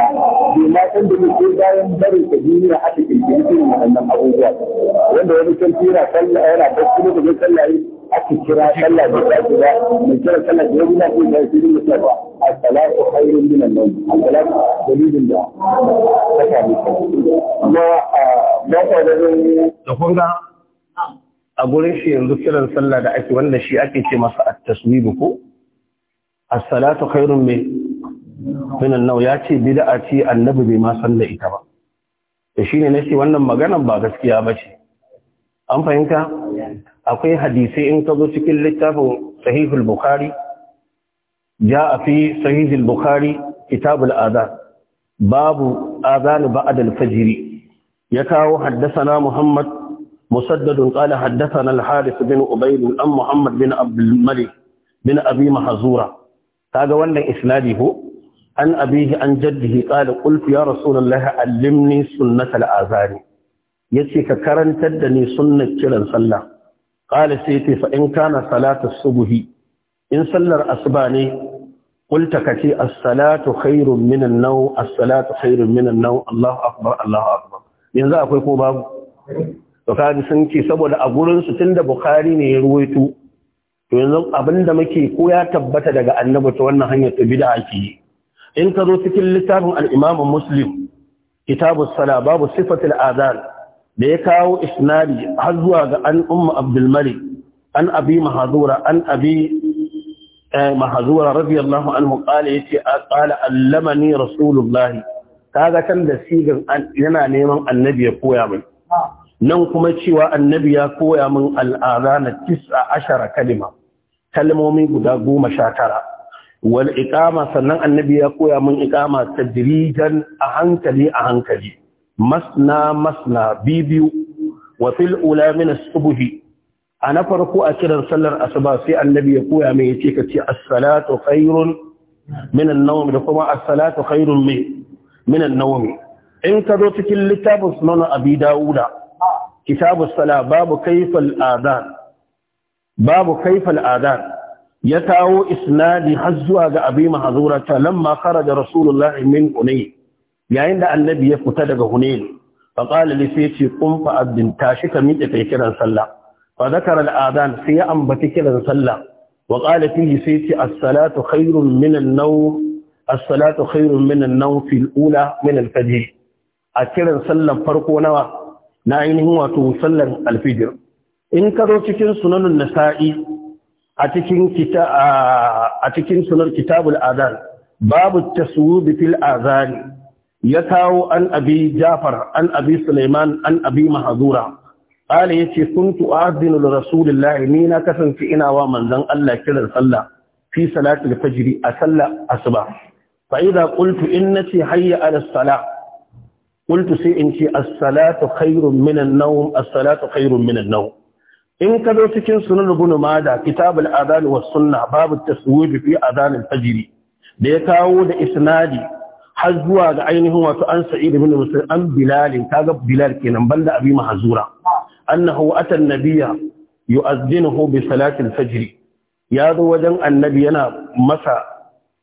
بما عند المسجد دائما بر كبير حتى في الجنه مع ان الله هو وين هو كثير صلى انا بس كل اللي صلى عليه ake kira sallah da ta ba mai kira sallah da yabi na ko da shi ne ta ba A salatu khairun min an-nawm A salatu dalilin da ta ta ne kuma ba ta da da kun ga a gurin shi yanzu kiran sallah da ake wanda shi ake ce masa at-taswib ko as-salatu khairun min min an-nawm ya ce bid'a ce annabi bai ma san ita ba da shine nace wannan maganan ba gaskiya bace an fahimta akwai hadisai in ka zo cikin littafin sahihul bukari ya a fi sahihul bukari kitabul azan babu azan ba'ad al-fajri ya kawo haddathana muhammad musaddadun qala na al-harith bin ubayd an muhammad bin abdul malik bin abi mahzura kaga wannan isnadi ko? an abihi an jaddihi qala qult ya rasulullah allimni sunnat al-azan yace ka karantar da ni sunnat kiran sallah qala sai ta fa in kana salatu subhi in sallar asuba ne ka ce as-salatu khairun min an as-salatu khairun min an Allahu akbar Allahu akbar yanzu akwai ko babu to sun ce saboda a gurinsu tun tunda bukhari ne ya ruwaito to yanzu abinda muke ko ya tabbata daga annabi ta wannan hanyar ta bid'a ake in ka zo cikin littafin al-Imam Muslim kitabu sala babu sifatul adhan da ya kawo isnadi har zuwa ga an umma abdulmalik an abi mahazura an abi eh, mahazura radiyallahu anhu qala yace qala allamani rasulullahi kaga tan da sigan yana neman annabi ya koya min nan kuma cewa annabi ya koya min al'azana tis'a ashara kalima kalmomi guda goma sha tara wal iqama sannan annabi ya koya min iqama tadrijan a hankali a hankali masna masna bibiyu wa fil ula min subuhi. A na farko a kiran sallar asuba sai annabi ya koya mai yace ka ce assalatu khairun minan an da kuma assalatu khairun min an-nawm in ka zo cikin littafin sunan abi Dawuda, kitabu sala babu kayfal adan babu adan ya kawo isnadi har zuwa ga abi mahazura ta lamma kharaja rasulullahi min unay yayin da annabi ya fita daga hunain fa qala li sai ce qum abdin tashi ka miƙe kai kiran sallah fa zakara al-adhan sai ya ambaci kiran sallah wa qala fihi sai ce as-salatu khairun min an-nawm as-salatu khairun min an-nawm fi al-ula min al-fajr a kiran sallar farko nawa na ainihin wato sallar al-fajr in ka zo cikin sunanun nasa'i a cikin kita a cikin sunan kitabul adhan babu taswubi fil adhan ya kawo an abi jafar an abi suleiman an abi mahazura ƙala ya ce sun tu'azinu da rasulullahi ni na kasance ina wa manzan Allah kiran sallah fi da fajiri a sallah asuba fa idza qultu innati hayya ala salah qultu sai in ce as-salatu khairun min an-nawm as-salatu khairun min an-nawm in ka zo cikin sunan ibn mada kitabul adhan was sunna babu taswib fi adhan al-fajr da ya kawo da isnadi har zuwa ga ainihin wato an da ibn musul an Ta kaga bilal kenan banda abi mahzura annahu ata an-nabiyya yu'azzinuhu bi salati fajr ya zo wajen annabi yana masa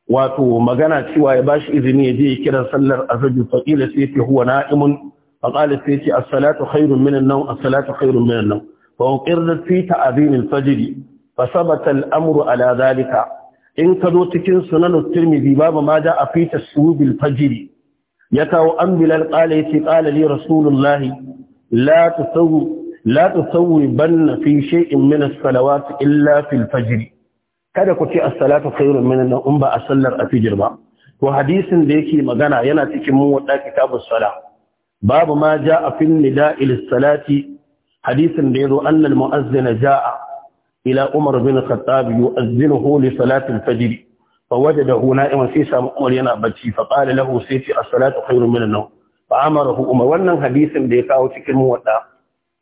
wato magana cewa ya bashi izini ya je ya kira sallar azhar fa sai sayfi huwa na'imun fa sai sayfi as-salatu khairun min an-nawm as-salatu khairun min an-nawm wa uqirrat fi ta'zim al-fajr fa sabata al-amru ala dhalika in ka zo cikin sunan tirmidhi babu ma da afi tasubil Fajiri. ya kawo an bilal qala ce, qala li rasulullah la tusawu banna fi shay'in min as-salawat illa fil fajr kada ku ce as-salatu khairun min an ba a sallar afijir ba to hadisin da yake magana yana cikin muwadda kitabus sala babu ma jaa fi nida'il salati hadisin da yazo annal mu'azzina jaa إلى عمر بن الخطاب يؤذنه لصلاة الفجر فوجده نائما في سام عمر ينا بچي فقال له سيتي الصلاة خير من النوم فأمره umar. wannan hadisin da ya kawo cikin muwadda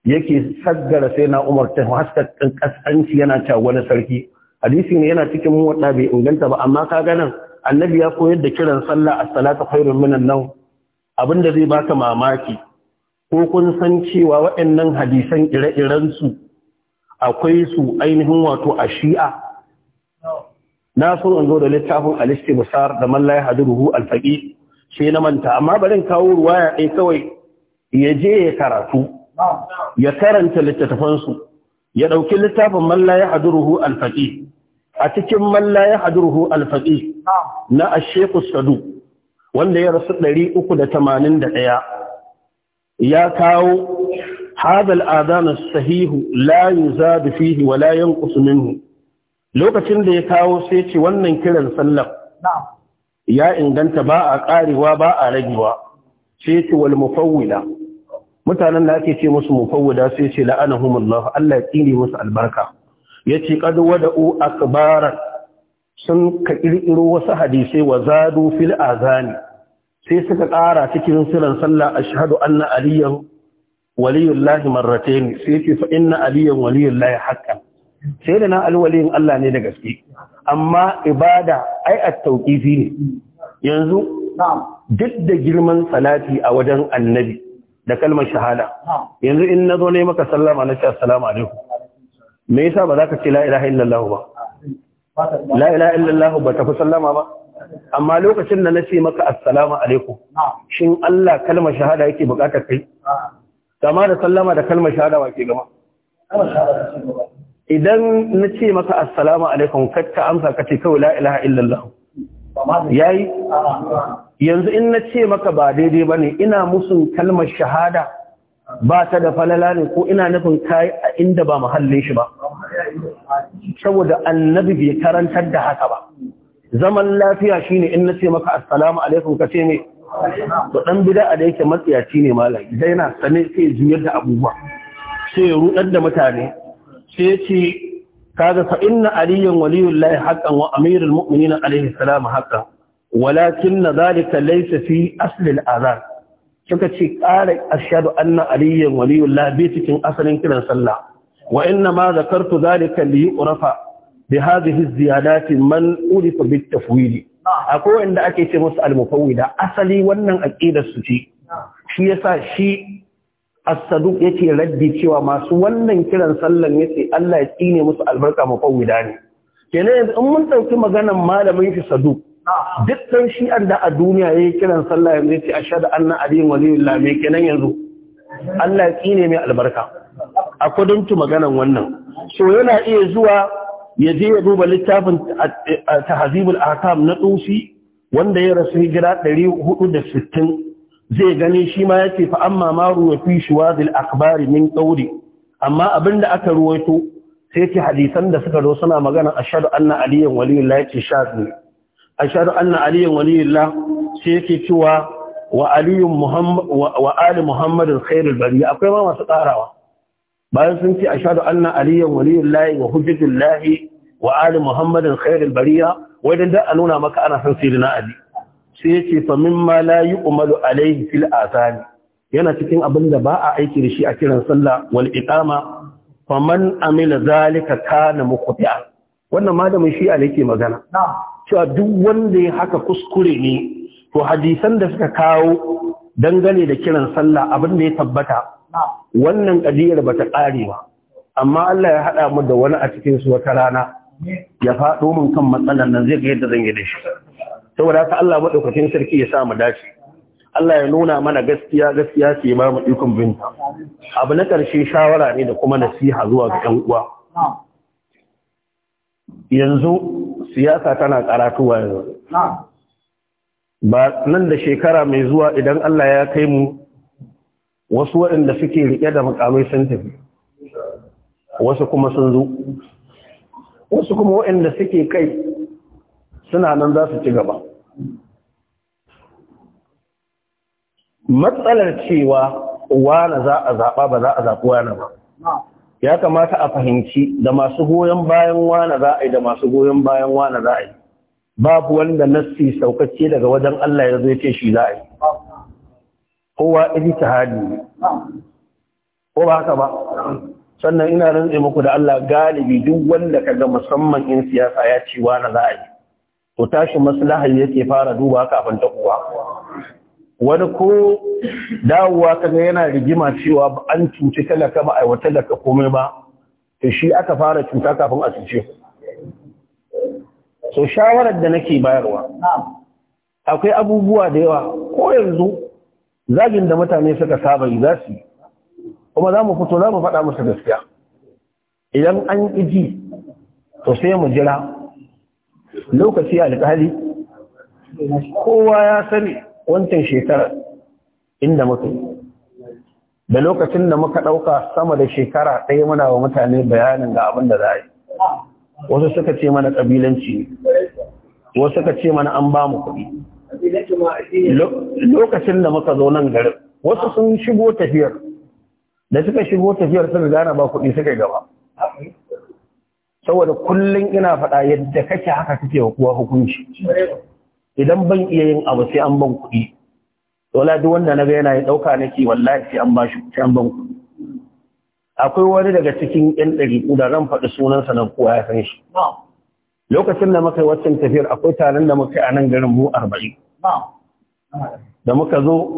yake saggara sai na Umar ta haska kasanci yana ta wani sarki hadisi ne yana cikin muwadda bai inganta ba amma ka ganin annabi ya koyar da kiran sallah as-salatu khairun minan nawm abinda zai baka mamaki ko kun san cewa waɗannan hadisan ire-iren su akwai su ainihin wato a shi'a na so in zo da littafin alisti musar da mallaya hadiruhu alfaƙi shi na manta amma barin kawo ruwaya ɗaya kawai ya je ya karatu ya karanta littattafansu ya ɗauki littafin mallaya hadiruhu alfaƙi a cikin mallaya hadiruhu alfaƙi na asheku sadu wanda ya rasu ɗari da da ɗaya ya kawo هذا الآذان الصحيح لا يزاد فيه ولا ينقص منه lokacin da ya kawo sai ce wannan kiran sallar ya inganta ba a ƙarewa ba a ragewa sai ce wal mufawwila mutanen da ake ce musu mufawwila sai ce la'anahumullah Allah ya tsine musu albarka yace qad wada'u akbaran sun ka kirkiro wasu hadisai wa zadu fil azani sai suka ƙara cikin siran sallah ashhadu anna aliyan waliyullahi ne sai ce fa inna aliyan waliyullahi haqqan sai da na alwaliyin Allah ne da gaske amma ibada ai at-tauqifi ne yanzu duk da girman salati a wajen annabi da kalmar shahada yanzu in nazo ne maka sallama na ce assalamu alaikum me yasa ba za ka ce la ilaha illallah ba la ilaha illallah ba ta fi sallama ba amma lokacin da na ce maka assalamu alaikum shin Allah kalmar shahada yake bukatar kai kama da sallama da kalmar shahada wa ke gama idan na ce maka assalamu alaikum kacce amsa kace kawai la ilaha illallah yayi yanzu in na ce maka ba daidai bane ina musun kalmar shahada ba ta da falala ne ko ina nufin kai a inda ba muhallin shi ba saboda annabi bai karantar da haka ba zaman lafiya shine in na ce maka assalamu alaikum kace me to dan bid'a da yake matsiyaci ne malam idan yana sane sai juyar da abubuwa sai rudar da mutane sai ya ce kaga fa inna aliyyan waliyullahi haqqan wa amirul mu'minin alaihi salam haqqan walakin dhalika laysa fi asli al-adhan suka ce ƙara ashadu anna aliyyan waliyullahi bi cikin asalin kiran sallah wa inna ma zakartu zalika li yu'rafa bi hadhihi az-ziyadat man urifa bit tafwid akwai wanda ake ce musu al da asali wannan aqidar su ce shi yasa shi as-saduq yake raddi cewa masu wannan kiran sallan yace Allah ya tsine musu albarka da ne kenan yanzu in mun dauki maganar malamin shi saduq dukkan shi da a duniya yayi kiran sallah yanzu yace ashhadu anna aliyyun waliyullah me kenan yanzu Allah ya tsine mai albarka a maganan maganar wannan so yana iya zuwa ya je ya duba littafin tahazibul ahkam na tsusi wanda ya rasu hijira 460 zai gani shi ma yace fa amma ma ruwa fi shuwadil min ƙauri amma abinda aka ruwaito sai ce hadisan da suka zo suna magana ashhadu anna aliyan waliyullah yace A ashhadu anna aliyan waliyullah sai yake cewa wa aliyun muhammad wa ali muhammadin khairul bari akwai ma masu karawa bayan sun ce ashhadu anna aliyan waliyullahi wa hujjatullahi wa ali muhammadin khairul bariya wai dan da a nuna maka ana san na ali sai yace fa mimma la yu'malu alayhi fil athani yana cikin abin da ba a aiki da shi a kiran sallah wal iqama faman amila zalika kana muqti'a wannan malamin shi ali yake magana cewa duk wanda ya haka kuskure ne to hadisan da suka kawo dangane da kiran sallah abin da ya tabbata wannan kadiyar ta ƙare ba amma Allah ya haɗa mu da wani a cikin su wata rana ya faɗo min kan matsalan nan zai ga yadda zan yi da shi saboda haka Allah madaukakin sarki ya sa mu dace Allah ya nuna mana gaskiya gaskiya ce ba mu ikon binta abu na karshe shawara ne da kuma nasiha zuwa ga ɗan uwa yanzu siyasa tana karatuwa yanzu ba nan da shekara mai zuwa idan Allah ya kai mu wasu waɗanda suke riƙe da makamai sun tafi wasu kuma sun zo wasu kuma waɗanda suke kai suna nan za su ci gaba matsalar cewa wane za a zaɓa ba za a zaɓi wane ba ya kamata a fahimci da masu goyon bayan wane za a yi da masu goyon bayan wane za a yi babu wanda nassi saukacce daga wajen Allah ya zo ya ce shi za a yi kowa ijtihadi ne ko ba haka ba sannan ina rantse muku da Allah galibi duk wanda kaga musamman in siyasa ya cewa na za a yi to tashi maslahar yake fara duba kafin ta kuwa wani ko dawowa kaga yana rigima cewa an cuci talaka ba a da komai ba to shi aka fara cuta kafin a cuce so shawarar da nake bayarwa akwai abubuwa da yawa ko yanzu zagin da mutane suka saba yi za su yi kuma za mu fito za mu faɗa musu gaskiya idan an iji to sai mu jira lokaci alƙali kowa ya sani wancan shekarar inda mutum, da lokacin da muka ɗauka sama da shekara ɗaya muna wa mutane bayanin ga abin da za a yi wasu suka ce mana ƙabilanci wasu suka ce mana an ba mu kuɗi lokacin da muka zo nan garin wasu sun shigo tafiyar da suka shigo tafiyar sun gane ba kuɗi suka gaba saboda kullum ina faɗa yadda kake haka kake kuwa hukunci idan ban iya yin abu sai an ban kuɗi wala duk wanda na ga yana ya ɗauka nake wallahi sai an bashi sai an ban kuɗi akwai wani daga cikin yan ɗari da zan faɗi sunansa nan kowa ya san shi lokacin da muka yi waccan tafiyar akwai taron da muka yi a nan garin mu arba'in da muka zo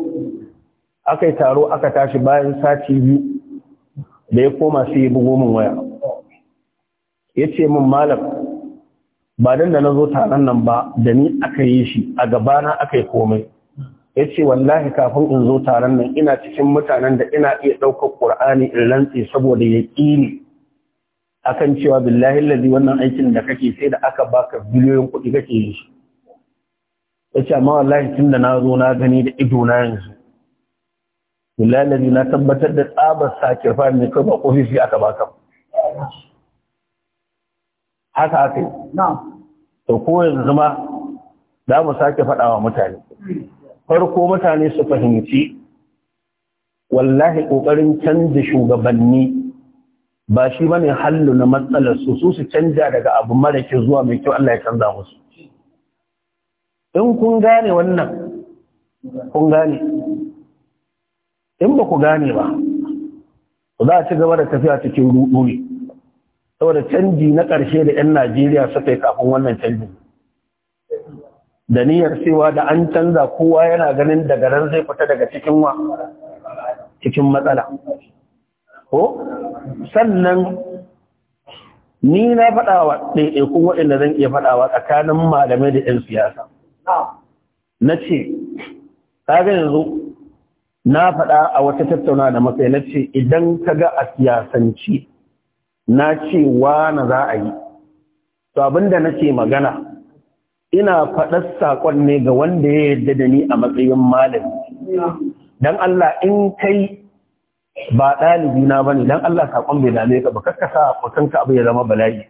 aka yi taro aka tashi bayan sati biyu da ya koma sai ya bugo min waya ya ce min malam ba nan da na zo taron nan ba da ni aka yi shi a gabana aka yi komai ya ce wallahi kafin in zo taron nan ina cikin mutanen da ina iya ɗaukar ƙur'ani in rantse saboda ya ƙini akan cewa billahi lalzi wannan aikin da kake sai da aka baka biliyoyin kuɗi kake yi shi ya amma wallahi tun da na zo na gani da ido na yanzu billahi na tabbatar da tsabar sake fa ne kai ba aka baka haka aka na'am to ko yanzu ma da mu sake fada wa mutane farko mutane su fahimci wallahi ƙoƙarin canza shugabanni ba shi bane hallu na matsalar su su su canja daga abu mara kyau zuwa mai kyau Allah ya canza musu in kun gane wannan kun gane in ba ku gane ba za a ci gaba da tafiya cikin ruɗu ne saboda canji na ƙarshe da 'yan najeriya suka yi kafin wannan canjin da niyyar cewa da an canza kowa yana ganin daga nan zai fita daga cikin wa cikin matsala ko sannan ni na faɗawa ɗaiɗaikun waɗanda zan iya faɗawa tsakanin malamai da 'yan siyasa na ce kaga yanzu na faɗa a wata tattauna da matsayi na ce idan ka ga a siyasance na ce na za a yi to abinda na ce magana ina faɗar saƙon ne ga wanda ya yarda da ni a matsayin malami don Allah in kai ba ɗalibi na bane don Allah saƙon bai dame ka ba kakkasa kusanka abu ya zama bala'i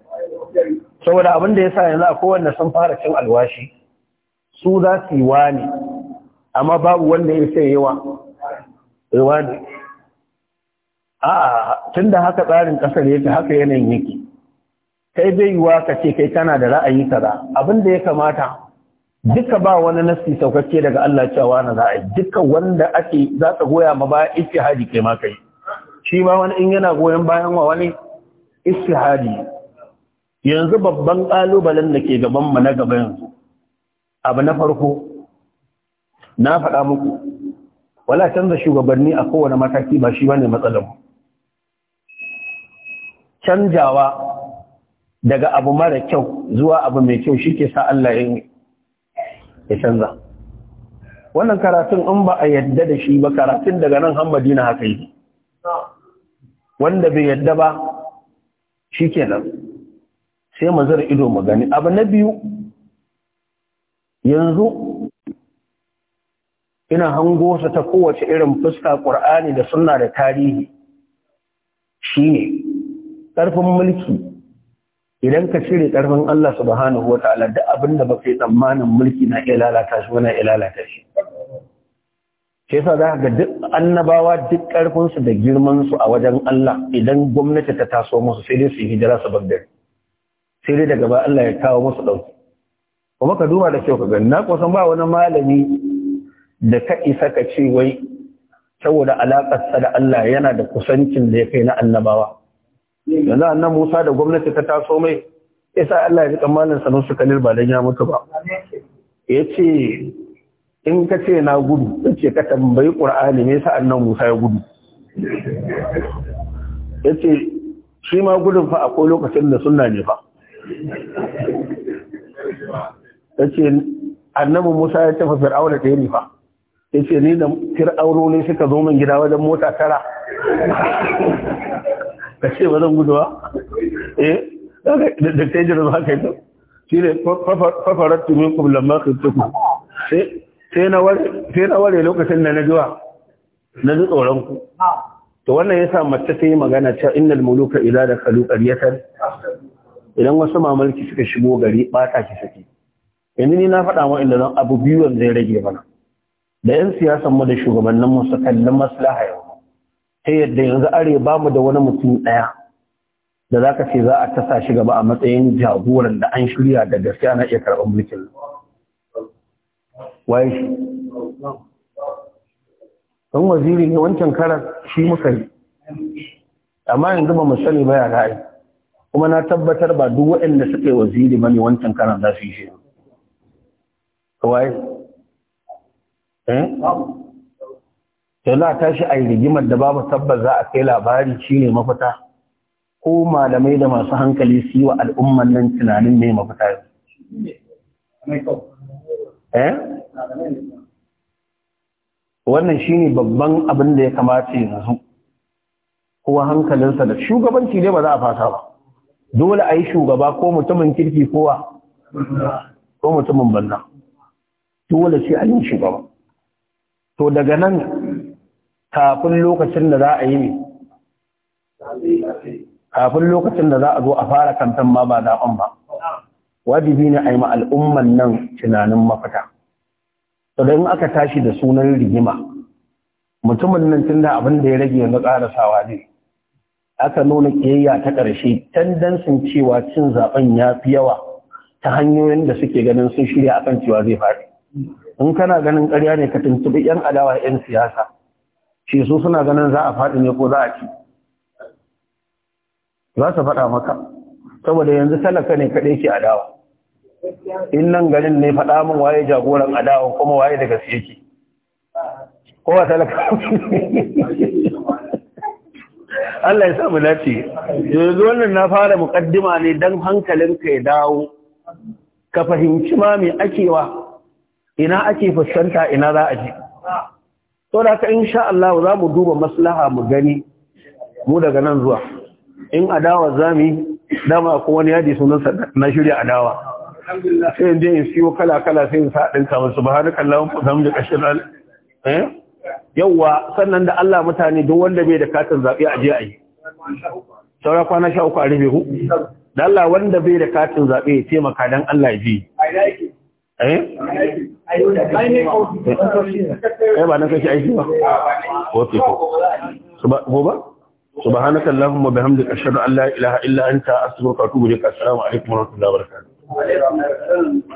saboda abin da ya sa yanzu a kowanne sun fara cin alwashi su za su yi wani amma babu wanda ya sai yawa wa ne a'a tun da haka tsarin ƙasar yake haka yanayin yake kai zai yi ka ce kai tana da ra'ayi kaza abin da ya kamata duka ba wani nasi saukakke daga Allah cewa na za a yi duka wanda ake za ka goya ma ba istihadi kai ma kai shi ma wani in yana goyon bayan wa wani haji yanzu babban ƙalubalen da ke gaban mu na gaba yanzu abu na farko na faɗa muku wala canza shugabanni a kowane mataki ba shi bane matsalar mu canjawa daga abu mara kyau zuwa abu mai kyau shi ke sa Allah ya canza wannan karatun in ba a yadda da shi ba karatun daga nan hamadi na haka yi wanda bai yadda ba shi ke nan, sai mazar zara ido magani abu na biyu yanzu ina hango sa ta kowace irin fuska ƙur'ani da sunna da tarihi shine ƙarfin mulki idan ka cire ƙarfin Allah subhanahu wata'ala da abinda da ba tsammanin mulki na iya lalata shi wani iya lalata shi Ke yasa za ga duk annabawa duk ƙarfinsu da girmansu a wajen Allah idan gwamnati ta taso musu sai dai su yi hijira su bagdari sai dai daga ba Allah ya kawo musu ɗauki kuma ka duba da kyau ka gani na kusan ba wani malami da ka isa ka ce wai saboda sa da Allah yana da kusancin da ya kai na annabawa yanzu annan Musa da gwamnati ta taso mai isa Allah ya rika malin sanu su ba dan ya mutu ba yace in ka ce na gudu ce ka tambayi Qur'ani me yasa annan Musa ya gudu yace shi ma gudun fa akwai lokacin da suna ne fa yace annabi Musa ya tafi da ta yi fa yace ni da fir'aun ne suka zo min gida wajen mota tara <laughs> kace ba zan guduwa eh da ta jira ba kai to ta fafaratu minkum lamma kuntum sai sai na ware sai na ware lokacin da na jiwa na ji tsoron ku to wannan yasa mace ta yi magana cewa innal muluka idza dakhalu qaryatan idan wasu mamalki suka shigo gari ta ki saki yanzu ni na faɗa wa'in da abu biyu wanda zai rage mana da 'yan siyasan mu da shugabannin mu su kalli maslaha yau ta yadda yanzu are ba mu da wani mutum ɗaya da za ka ce za a tasa shi gaba a matsayin jagoran da an shirya da gaskiya na iya karɓar mulkin waye shi waziri ne wancan karar shi muka yi amma yanzu ba mu sani ba ya ra'ayi kuma na tabbatar ba duk waɗanda suka waziri ba ne wancan karar za su yi shi waye eh to a tashi rigimar da babu tabbas za a kai labari shine mafita ko malamai da masu hankali su yi wa al'umman nan tunanin me mafita eh wannan shine babban abin da ya kamata yanzu kuwa hankalinsa da shugabanci ne ba za a fasa ba dole a yi shugaba ko mutumin kirki kowa ko mutumin banna dole sai an yi shugaba to daga nan kafin lokacin da za a yi ne kafin lokacin da za a zo a fara kantan ma ba zaɓen ba wajibi ne a yi ma al'umman nan tunanin mafita to da in aka tashi da sunan rigima mutumin nan tun da abin da ya rage yanzu sawa ne aka nuna kiyayya ta ƙarshe tandansin cewa cin zaɓen ya fi yawa ta hanyoyin da suke ganin sun shirya akan cewa zai faɗi in kana ganin ƙarya ne ka tuntuɓi 'yan adawa 'yan siyasa shi su suna ganin za a faɗi ne ko za a ci za su faɗa maka saboda yanzu talaka ne kaɗai ke adawa in nan garin ne faɗa min waye jagoran adawa kuma waye daga gaske yake kowa talaka Allah ya sa mu dace yanzu wannan na fara muƙaddima ne don hankalinka ya dawo ka fahimci ma me akewa ina ake fuskanta ina za a ji to da ka insha Allah za mu duba maslaha mu gani mu daga nan zuwa in adawa zami dama ko wani yadi sunan sa na shirya adawa sai inda in siyo kala kala sai in sa din ka subhanaka allahumma hamdu kashal eh yawa sannan da Allah mutane duk wanda bai da katin zabi a je a yi saura kwana sha uku a rufe ku da Allah wanda bai da katin zabi ya taimaka dan Allah ya ji eh eh ba na kashi aiki ba okay ko goba subhanaka allahumma bihamdika ashhadu an la ilaha illa anta astaghfiruka wa atubu ilaik assalamu alaikum wa rahmatullahi wa barakatuh